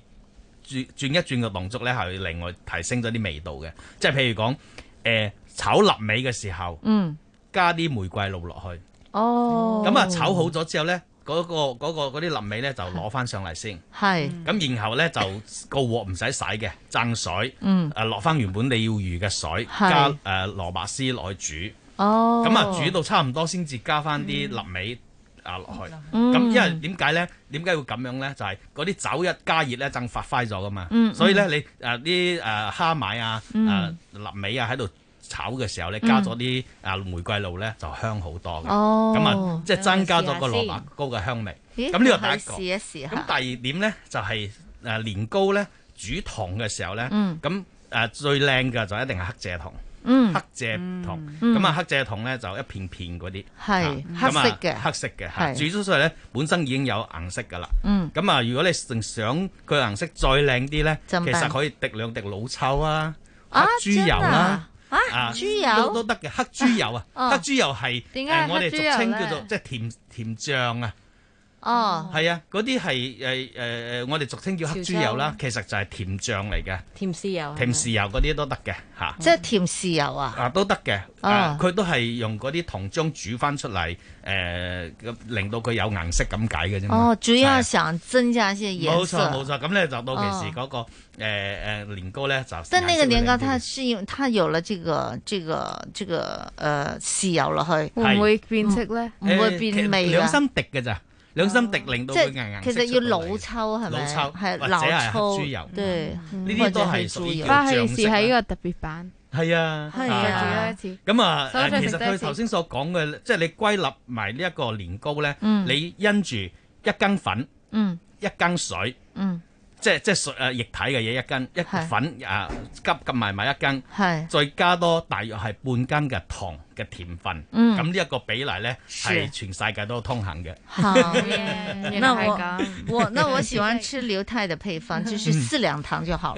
轉轉一轉嘅動作咧，係另外提升咗啲味道嘅，即係譬如講，誒、呃、炒臘味嘅時候，嗯，加啲玫瑰露落去，哦，咁啊炒好咗之後咧，嗰、嗰個啲臘、嗰個嗰個嗰個嗰個、味咧就攞翻上嚟先，係是，咁然後咧是就個鑊唔使洗嘅，爭水，嗯，誒落翻原本你要魚嘅水，是加誒、呃、蘿蔔絲落去煮，哦，咁啊、哦、煮到差唔多先至加翻啲臘味。啊落去，咁、嗯、因為點解咧？點解會咁樣咧？就係嗰啲酒一加熱咧，就發揮咗噶嘛。嗯嗯、所以咧，你誒啲誒蝦米啊、誒臘味啊，喺度炒嘅時候咧，加咗啲誒玫瑰露咧，就香好多嘅。哦，咁啊，即係增加咗個蘿蔔糕嘅香味。咦？咁呢個第一個。試一試嚇。咁第二點咧，就係、是、誒年糕咧煮糖嘅時候咧，咁誒、嗯嗯呃、最靚嘅就一定係黑蔗糖。嗯，黑蔗糖，咁啊黑蔗糖咧就一片片嗰啲，係黑色嘅，黑色嘅，係煮咗出嚟咧，本身已經有顏色噶啦，咁啊如果你仲想佢顏色再靚啲咧，其實可以滴兩滴老抽啊，豬油啦，啊豬油都都得嘅，黑豬油啊，黑豬油係，點解我哋俗稱叫做即係甜甜醬啊。哦，係啊，嗰啲係誒誒誒，我哋俗稱叫黑豬油啦，其實就係甜醬嚟嘅，甜豉油，甜豉油嗰啲都得嘅吓，即係甜豉油啊，啊都得嘅，佢都係用嗰啲糖漿煮翻出嚟，誒令到佢有顏色咁解嘅啫。哦，主要想增加一些顏色，冇錯冇錯。咁咧就到其時嗰個誒誒年糕咧就。即係呢個年糕，它是因為它有了這個這個這個誒豉油落去，會唔會變色咧？唔會變味噶，兩三滴嘅咋。兩心滴令到佢硬硬，其實要老抽係咪？老抽或者係豬油。對，呢啲都係屬於醬色。花費是係一個特別版。係啊，係啊，咁啊，其實佢頭先所講嘅，即係你歸納埋呢一個年糕咧，你因住一斤粉，一斤水，即係即係誒液體嘅嘢一斤一斤粉啊，急急埋埋一斤，再加多大約係半斤嘅糖。嘅甜分，咁呢一個比例咧係全世界都通行嘅。好，那我我那我喜歡吃劉太嘅配方，就是四兩糖就好，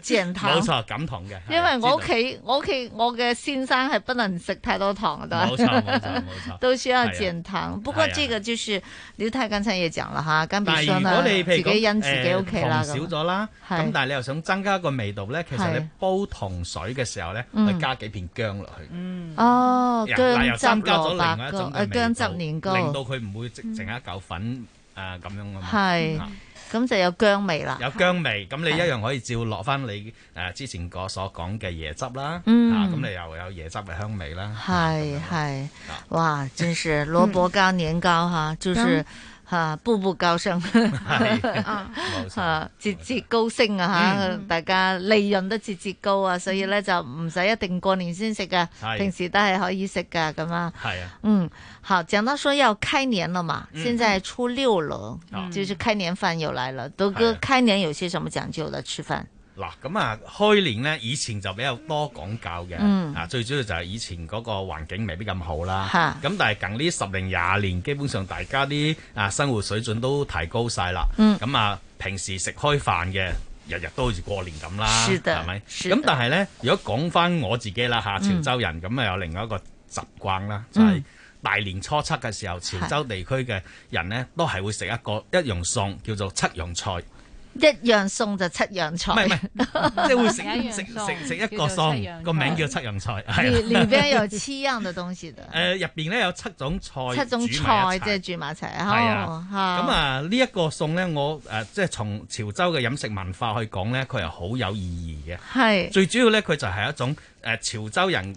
減糖。冇錯，咁同嘅。因為我屋企，我屋企，我嘅先生係不能食太多糖，都係冇錯冇錯冇錯，都需要減糖。不過這個就是劉太剛才也講啦，吓。跟比如你自己因自己屋企啦，咁少咗啦，咁但係你又想增加個味道咧，其實你煲糖水嘅時候咧，咪加幾片薑落去。哦，薑汁年糕，薑汁年糕，令到佢唔會整一嚿粉誒咁樣啊，係，咁就有薑味啦，有薑味，咁你一樣可以照落翻你誒之前嗰所講嘅椰汁啦，啊，咁你又有椰汁嘅香味啦，係係，哇，真是蘿蔔加年糕哈，就是。啊、步步高升，係 是 啊，節節 高升啊吓！嗯、大家利潤都節節高啊，所以咧就唔使一定過年先食噶，啊、平時都係可以食噶咁啊。係啊，嗯，好，講到說，要開年了嘛，嗯、現在初六咯，嗯、就是開年飯又來了。德哥、嗯，都開年有些什麼講究的吃飯？嗱，咁啊，開年呢，以前就比較多講究嘅，嗯、啊最主要就係以前嗰個環境未必咁好啦，咁的但係近呢十零廿年，基本上大家啲啊生活水準都提高晒、嗯啊、啦，咁啊平時食開飯嘅，日日都好似過年咁啦，係咪的？咁但係呢，如果講翻我自己啦下潮州人咁啊、嗯、有另外一個習慣啦，嗯、就係大年初七嘅時候，潮州地區嘅人呢，的都係會食一個一樣餸叫做七樣菜。一樣餸就七樣菜，即係、就是、會食食食食一個餸，個名叫七樣菜。係裡邊有七樣的東西嘅。誒、 呃，入邊咧有七種菜，七種菜即係煮埋一齊。係啊，咁好、嗯、啊呢一、這個餸咧，我誒即係從潮州嘅飲食文化去講咧，佢係好有意義嘅。係是最主要咧，佢就係一種誒、呃、潮州人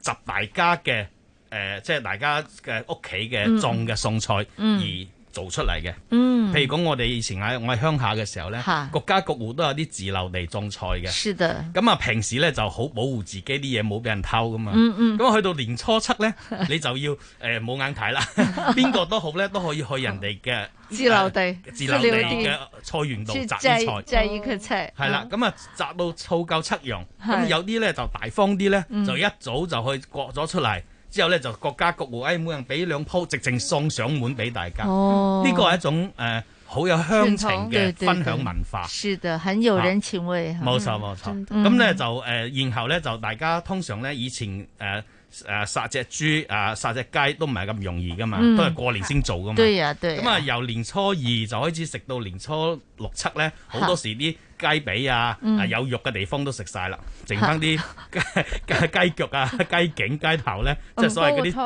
集大家嘅誒、呃，即係大家嘅屋企嘅種嘅餸菜、嗯、而。嗯做出嚟嘅，嗯，譬如講我哋以前喺我喺鄉下嘅時候咧，各家各戶都有啲自留地種菜嘅，係咁啊平時咧就好保護自己啲嘢冇俾人偷噶嘛，咁啊去到年初七咧，你就要誒冇眼睇啦，邊個都好咧都可以去人哋嘅自留地、自留地嘅菜園度摘啲菜，摘啲菜。係啦，咁啊摘到儲夠七樣，咁有啲咧就大方啲咧，就一早就去割咗出嚟。之後咧就各家各戶哎，每人俾兩鋪，直情送上門俾大家。哦，呢個係一種誒、呃、好有鄉情嘅分享文化對對對。是的，很有人情味。冇錯冇錯，咁咧、嗯嗯、就、呃、然後咧就大家通常咧以前誒誒、呃、殺隻豬啊、呃、殺隻雞都唔係咁容易噶嘛，嗯、都係過年先做噶嘛、啊。對啊對咁啊，啊由年初二就開始食到年初六七咧，好多時啲。雞髀啊，嗯、啊有肉嘅地方都食晒，啦，剩翻啲是 雞腳啊、雞頸、雞頭咧，即係所謂嗰啲，係、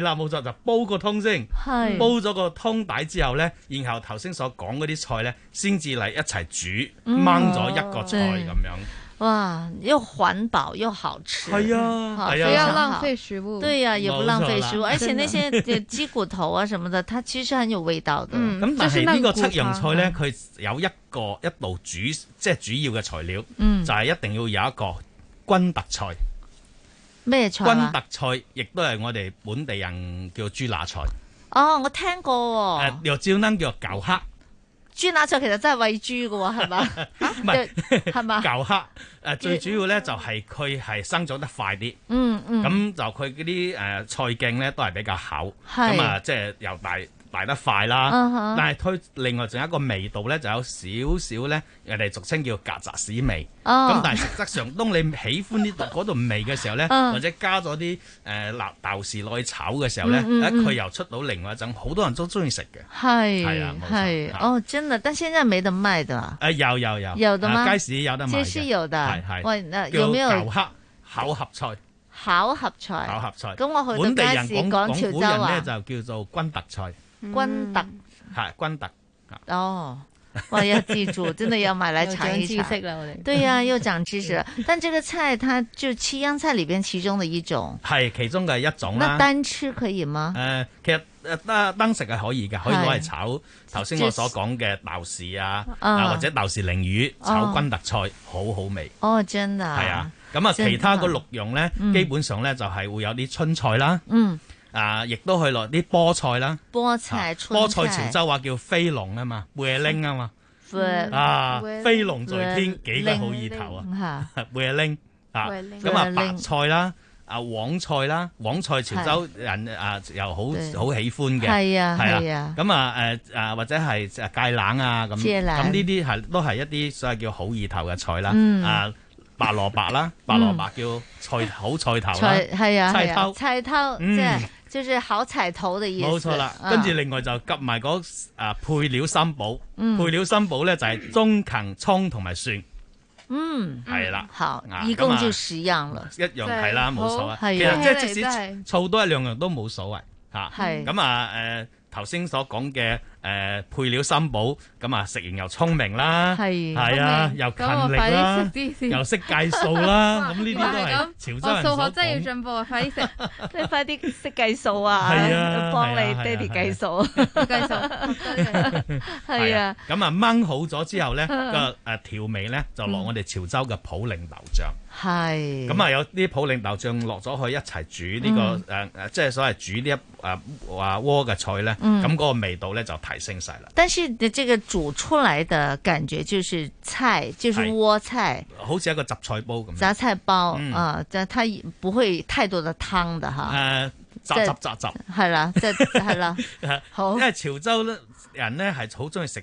啊、啦，冇錯就煲個湯先，是煲咗個湯底之後咧，然後頭先所講嗰啲菜咧，先至嚟一齊煮，掹咗一個菜咁樣。嗯哇，又環保又好吃，係啊，不要浪費食物，對啊，也不浪費食物，而且那些雞骨頭啊什麼的，它其實很有味道的。咁但係呢個七樣菜呢，佢有一個一道主即係主要嘅材料，就係一定要有一個君達菜。咩菜啊？君達菜亦都係我哋本地人叫豬乸菜。哦，我聽過。誒，又照諗叫狗黑。豬乸菜其實真係喂豬㗎喎，係嘛？唔係，係嘛？夠 黑誒，最主要咧就係佢係生長得快啲、嗯，嗯嗯，咁就佢啲誒菜徑咧都係比較厚，係，咁啊即係又大。賣得快啦，但係佢另外仲有一個味道咧，就有少少咧，人哋俗稱叫曱甴屎味。咁但係實質上，當你喜歡呢度味嘅時候咧，或者加咗啲誒豆豉落去炒嘅時候咧，佢又出到另外一種，好多人都中意食嘅。係係啊，係哦，真嘅，但係現在冇得賣噶。誒有有有，有的嗎？街市有得賣。街市有的係係。喂，有冇厚合厚合菜？厚合菜，厚合菜。咁我去到街市，廣潮人呢就叫做君達菜。君特係，軍特哦，我要記住，真係要買嚟炒一炒。對啊，又長知識啦。但這個菜，它就七樣菜裏邊其中的一種。係其中嘅一種啦。單吃可以嗎？誒，其實單單食係可以嘅，可以攞嚟炒。頭先我所講嘅豆豉啊，或者豆豉鯪魚炒君特菜，好好味。哦，真啊。係啊，咁啊，其他個六樣呢，基本上咧就係會有啲春菜啦。嗯。啊！亦都去落啲菠菜啦，菠菜、菠菜潮州話叫飛龍啊嘛會拎啊嘛，啊飛龍在天幾個好意頭啊會拎啊咁啊白菜啦，啊黃菜啦，黃菜潮州人啊又好好喜歡嘅，係啊係啊，咁啊誒啊或者係芥蘭啊咁，咁呢啲係都係一啲所謂叫好意頭嘅菜啦，啊白蘿蔔啦，白蘿蔔叫菜好菜頭，係啊，菜頭菜頭即係。就係好彩頭嘅意思。冇錯啦，跟住另外就夾埋嗰啊配料三寶。嗯，配料三寶咧就係中芹、蔥同埋蒜。嗯，係啦，好，一共就十樣啦。一樣係啦，冇所謂。其實即係即使湊多一兩樣都冇所謂吓。係，咁啊誒頭先所講嘅。誒，配料三寶，咁啊，食完又聰明啦，係，係啊，又勤力啦，又識計數啦，咁呢啲都係潮州人，我數學真係要進步啊，快啲食，即係快啲識計數啊，幫你爹哋計數，計計數，係啊。咁啊，掹好咗之後咧，個誒調味咧就落我哋潮州嘅普寧牛醬。係咁啊！有啲普寧豆醬落咗去一齊煮呢個誒誒，即係所謂煮呢一誒話鍋嘅菜咧，咁嗰個味道咧就提升晒啦。但是你呢個煮出來的感覺，就是菜，就是窩菜，好似一個雜菜煲咁。雜菜煲啊，就係它不會太多的湯的哈。誒，雜雜雜雜，係啦，即係係啦。好，因為潮州人咧係好中意食。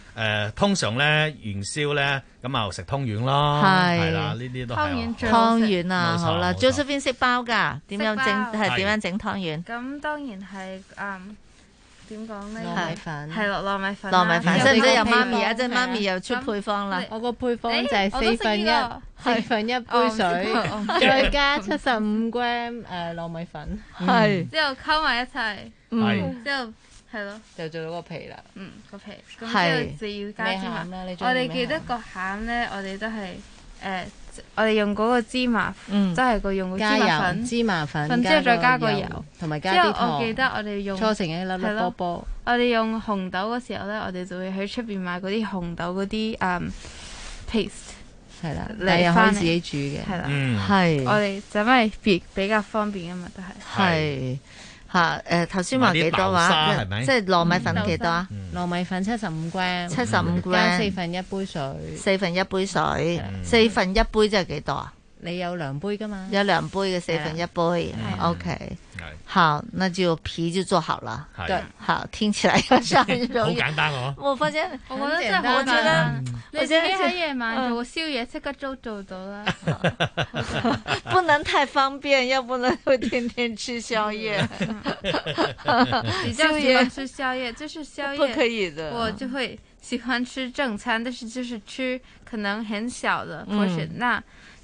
誒，通常咧元宵咧，咁啊食湯圓咯。係啦，呢啲都係湯圓最湯圓啊，好啦，Josephine 識包噶，點樣整係點樣整湯圓？咁當然係，嗯，點講咧？係落糯米粉，糯米粉，即係即係有媽咪，即係媽咪又出配方啦。我個配方就係四分一，四分一杯水，再加七十五 gram 誒糯米粉，係之後溝埋一齊，係之後。係咯，就做到嗰個皮啦。嗯，個皮，咁之後就要加芝麻。我哋記得個餡咧，我哋都係誒，我哋用嗰個芝麻，即係個用嗰個芝麻粉，芝麻粉，之後再加個油，同埋加啲糖。之後我記得我哋用搓成一粒粒波波。我哋用紅豆嗰時候咧，我哋就會喺出邊買嗰啲紅豆嗰啲 paste，係啦，嚟翻嚟。係啦，係我哋就咪比比較方便啊嘛，都係。係。吓，誒、啊，頭先話幾多話，即係糯米粉幾多啊？糯米粉七十五 gram，七十五 gram，四份一杯水，四份一杯水，四份一杯即係幾多啊？你有量杯㗎嘛？有量杯嘅四分一杯，OK。好，那就皮就做好了。係好，聽起來好簡單。好簡單我，我發現我覺得你自己喺夜晚做宵夜，即刻都做到啦。不能太方便，要不然會天天吃宵夜。比較喜歡吃宵夜，就是宵夜不可以的。我就會喜歡吃正餐，但是就是吃可能很小的，或是那。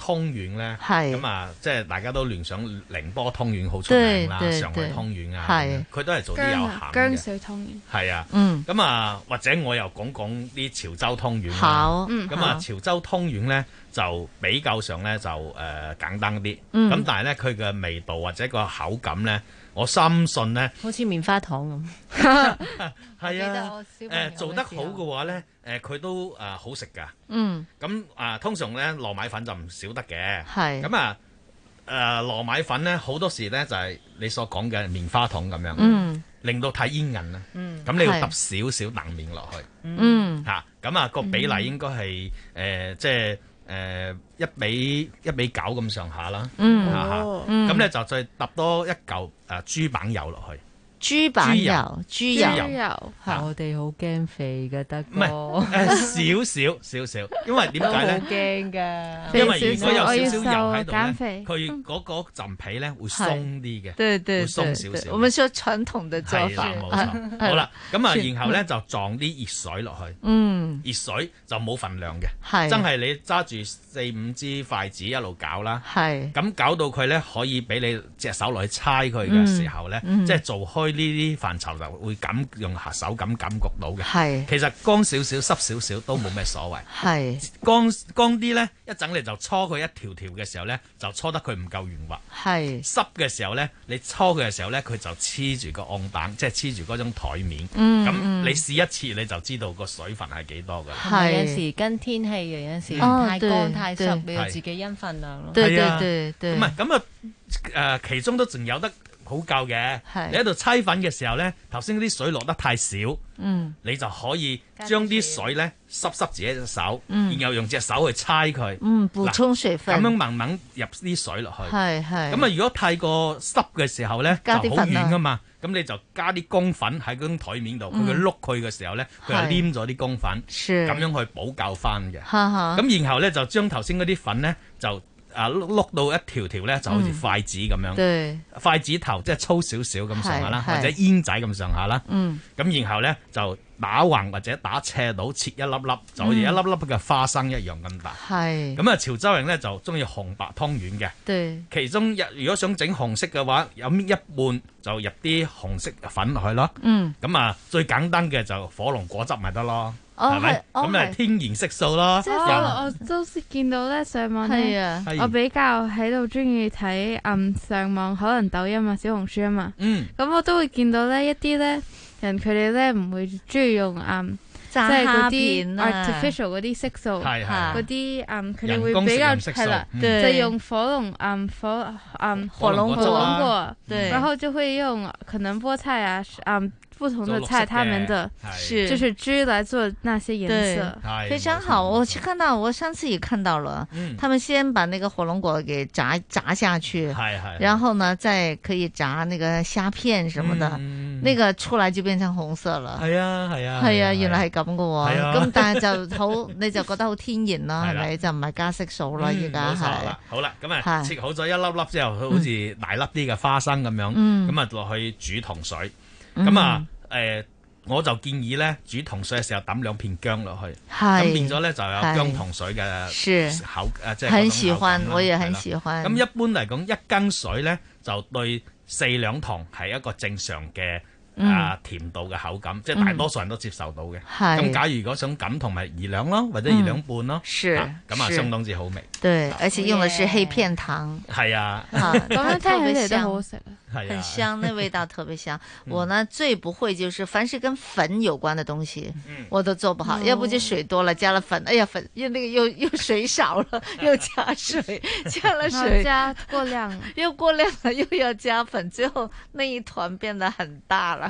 湯丸呢，咁啊是、嗯，即係大家都聯想寧波湯丸好出名啦，上海湯丸啊，佢是都係做啲有鹹嘅。薑水湯丸，係啊，咁啊、嗯嗯，或者我又講講啲潮州湯丸。咁啊，潮州湯丸呢，就比較上呢，就誒、呃、簡單啲，咁、嗯嗯、但係呢，佢嘅味道或者個口感呢。我深信咧，好似棉花糖咁，係啊，誒、啊、做得好嘅話咧，誒佢都、呃、好食噶，嗯，咁啊、呃、通常咧糯米粉就唔少得嘅，係是，咁啊誒糯米粉咧好多時咧就係、是、你所講嘅棉花糖咁樣，嗯，令到太煙韌啦，嗯，咁你要揼少少冷麵落去，嗯，吓、嗯，咁啊、那個比例應該係誒即係。誒、呃、一比一比九咁上下啦，嚇，咁咧就再揼多一嚿誒、啊、豬板油落去。豬油，豬油，豬油。我哋好驚肥嘅，得，唔係，少少少少，因為點解咧？好驚㗎。因為如果有少少油喺度咧，佢嗰嗰陣皮咧會鬆啲嘅。對對。會鬆少少。我們用傳統嘅做法。係。冇錯。好啦，咁啊，然後咧就撞啲熱水落去。嗯。熱水就冇份量嘅。係。真係你揸住四五支筷子一路搞啦。係。咁搞到佢咧，可以俾你隻手落去猜佢嘅時候咧，即係做開。呢啲範疇就會噉用下手感感的，噉感覺到嘅。係其實乾少少、濕少少都冇咩所謂。係乾乾啲咧，一陣你就搓佢一條條嘅時候咧，就搓得佢唔夠圓滑。係是濕嘅時候咧，你搓佢嘅時候咧，佢就黐住個案板，即係黐住嗰種枱面。嗯，咁你試一次你就知道個水分係幾多㗎。係是是有時跟天氣嘅，有時太乾太濕，你自己因分量咯。對對對，唔係咁啊！誒、呃，其中都仲有得。好夠嘅，是你喺度猜粉嘅時候咧，頭先啲水落得太少，嗯、你就可以將啲水咧濕濕自己隻手，嗯、然後用隻手去猜佢、嗯，補充水分。咁樣慢慢入啲水落去，咁啊如果太過濕嘅時候咧、啊、就好軟噶嘛，咁你就加啲工粉喺嗰張枱面度，佢嘅碌佢嘅時候咧，佢就黏咗啲工粉，咁是樣去補救翻嘅。咁然後咧就將頭先嗰啲粉咧就。啊碌到一條條咧，就好似筷子咁樣，嗯、對，筷子頭即係粗少少咁上下啦，或者煙仔咁上下啦。嗯，咁然後咧就打橫或者打斜到切一粒粒，就好似一粒粒嘅花生一樣咁大。係、嗯。咁啊，潮州人咧就中意紅白湯圓嘅。對。其中，若如果想整紅色嘅話，有一半就入啲紅色粉落去咯。嗯。咁啊、嗯，最簡單嘅就火龍果汁咪得咯。我係咁係天然色素咯，即係我我都見到咧上網咧，我比較喺度中意睇嗯，上網可能抖音啊、小紅書啊嘛，咁我都會見到咧一啲咧人佢哋咧唔會中意用嗯，即係嗰啲 artificial 嗰啲色素，嗰啲嗯佢哋會比較係啦，就用火龍嗯火嗯火龍果，然後就會用可能菠菜啊不同的菜，他們的是就是汁來做那些顏色，非常好。我去看到，我上次也看到了，他們先把那個火龍果給炸炸下去，然後呢再可以炸那個蝦片什麼的，那個出來就變成紅色了。係啊係，啊係啊，原來係咁噶，咁但係就好，你就覺得好天然啦，係咪就唔係加色素啦？而家係好啦，好啦，咁啊切好咗一粒粒之後，佢好似大粒啲嘅花生咁樣，咁啊落去煮糖水。咁啊、嗯呃，我就建議咧，煮糖水嘅時候揼兩片薑落去，咁是變咗咧就有薑糖水嘅口是即係。我很喜歡，我也很喜歡。咁一般嚟講，一斤水咧就對四兩糖係一個正常嘅。啊，甜度嘅口感，即係大多數人都接受到嘅。咁假如如果感同埋二兩咯，或者二兩半咯，咁啊相當之好味。對，而且用嘅是黑片糖。係啊，咁樣太好食都好食。係啊，很香，那味道特別香。我呢最不會就是，凡是跟粉有關嘅東西，我都做不好。要不就水多了，加了粉，哎呀，粉又那個又又水少了，又加水，加了水，加過量，又過量了，又要加粉，最後那一團變得很大了。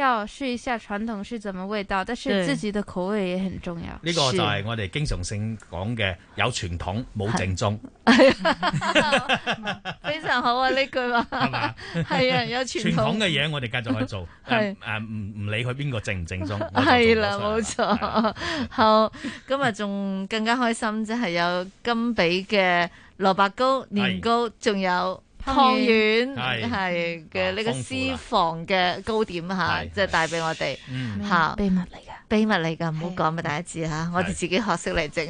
要試一下傳統是怎麼味道，但是自己的口味也很重要。呢對個就係我哋經常性講嘅，有傳統冇正宗，是 非常好啊呢 句話係嘛，係啊，有傳統嘅嘢我哋繼續去做，係誒唔唔理佢邊個正唔正宗，係啦，冇錯、 啊。沒錯 好，今日仲更加開心，即係有金比嘅蘿蔔糕、年糕，仲是有。湯圓係嘅呢個私房嘅糕點吓，即係帶俾我哋吓，秘密嚟嘅，秘密嚟噶唔好講俾大家知吓，我哋自己學識嚟整，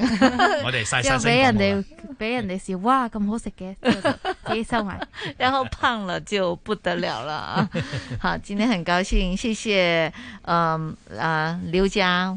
又俾人哋俾人哋試，哇咁好食嘅，自己收埋，然後胖啦就不得了啦，好，今天很高興，謝謝，嗯啊劉家。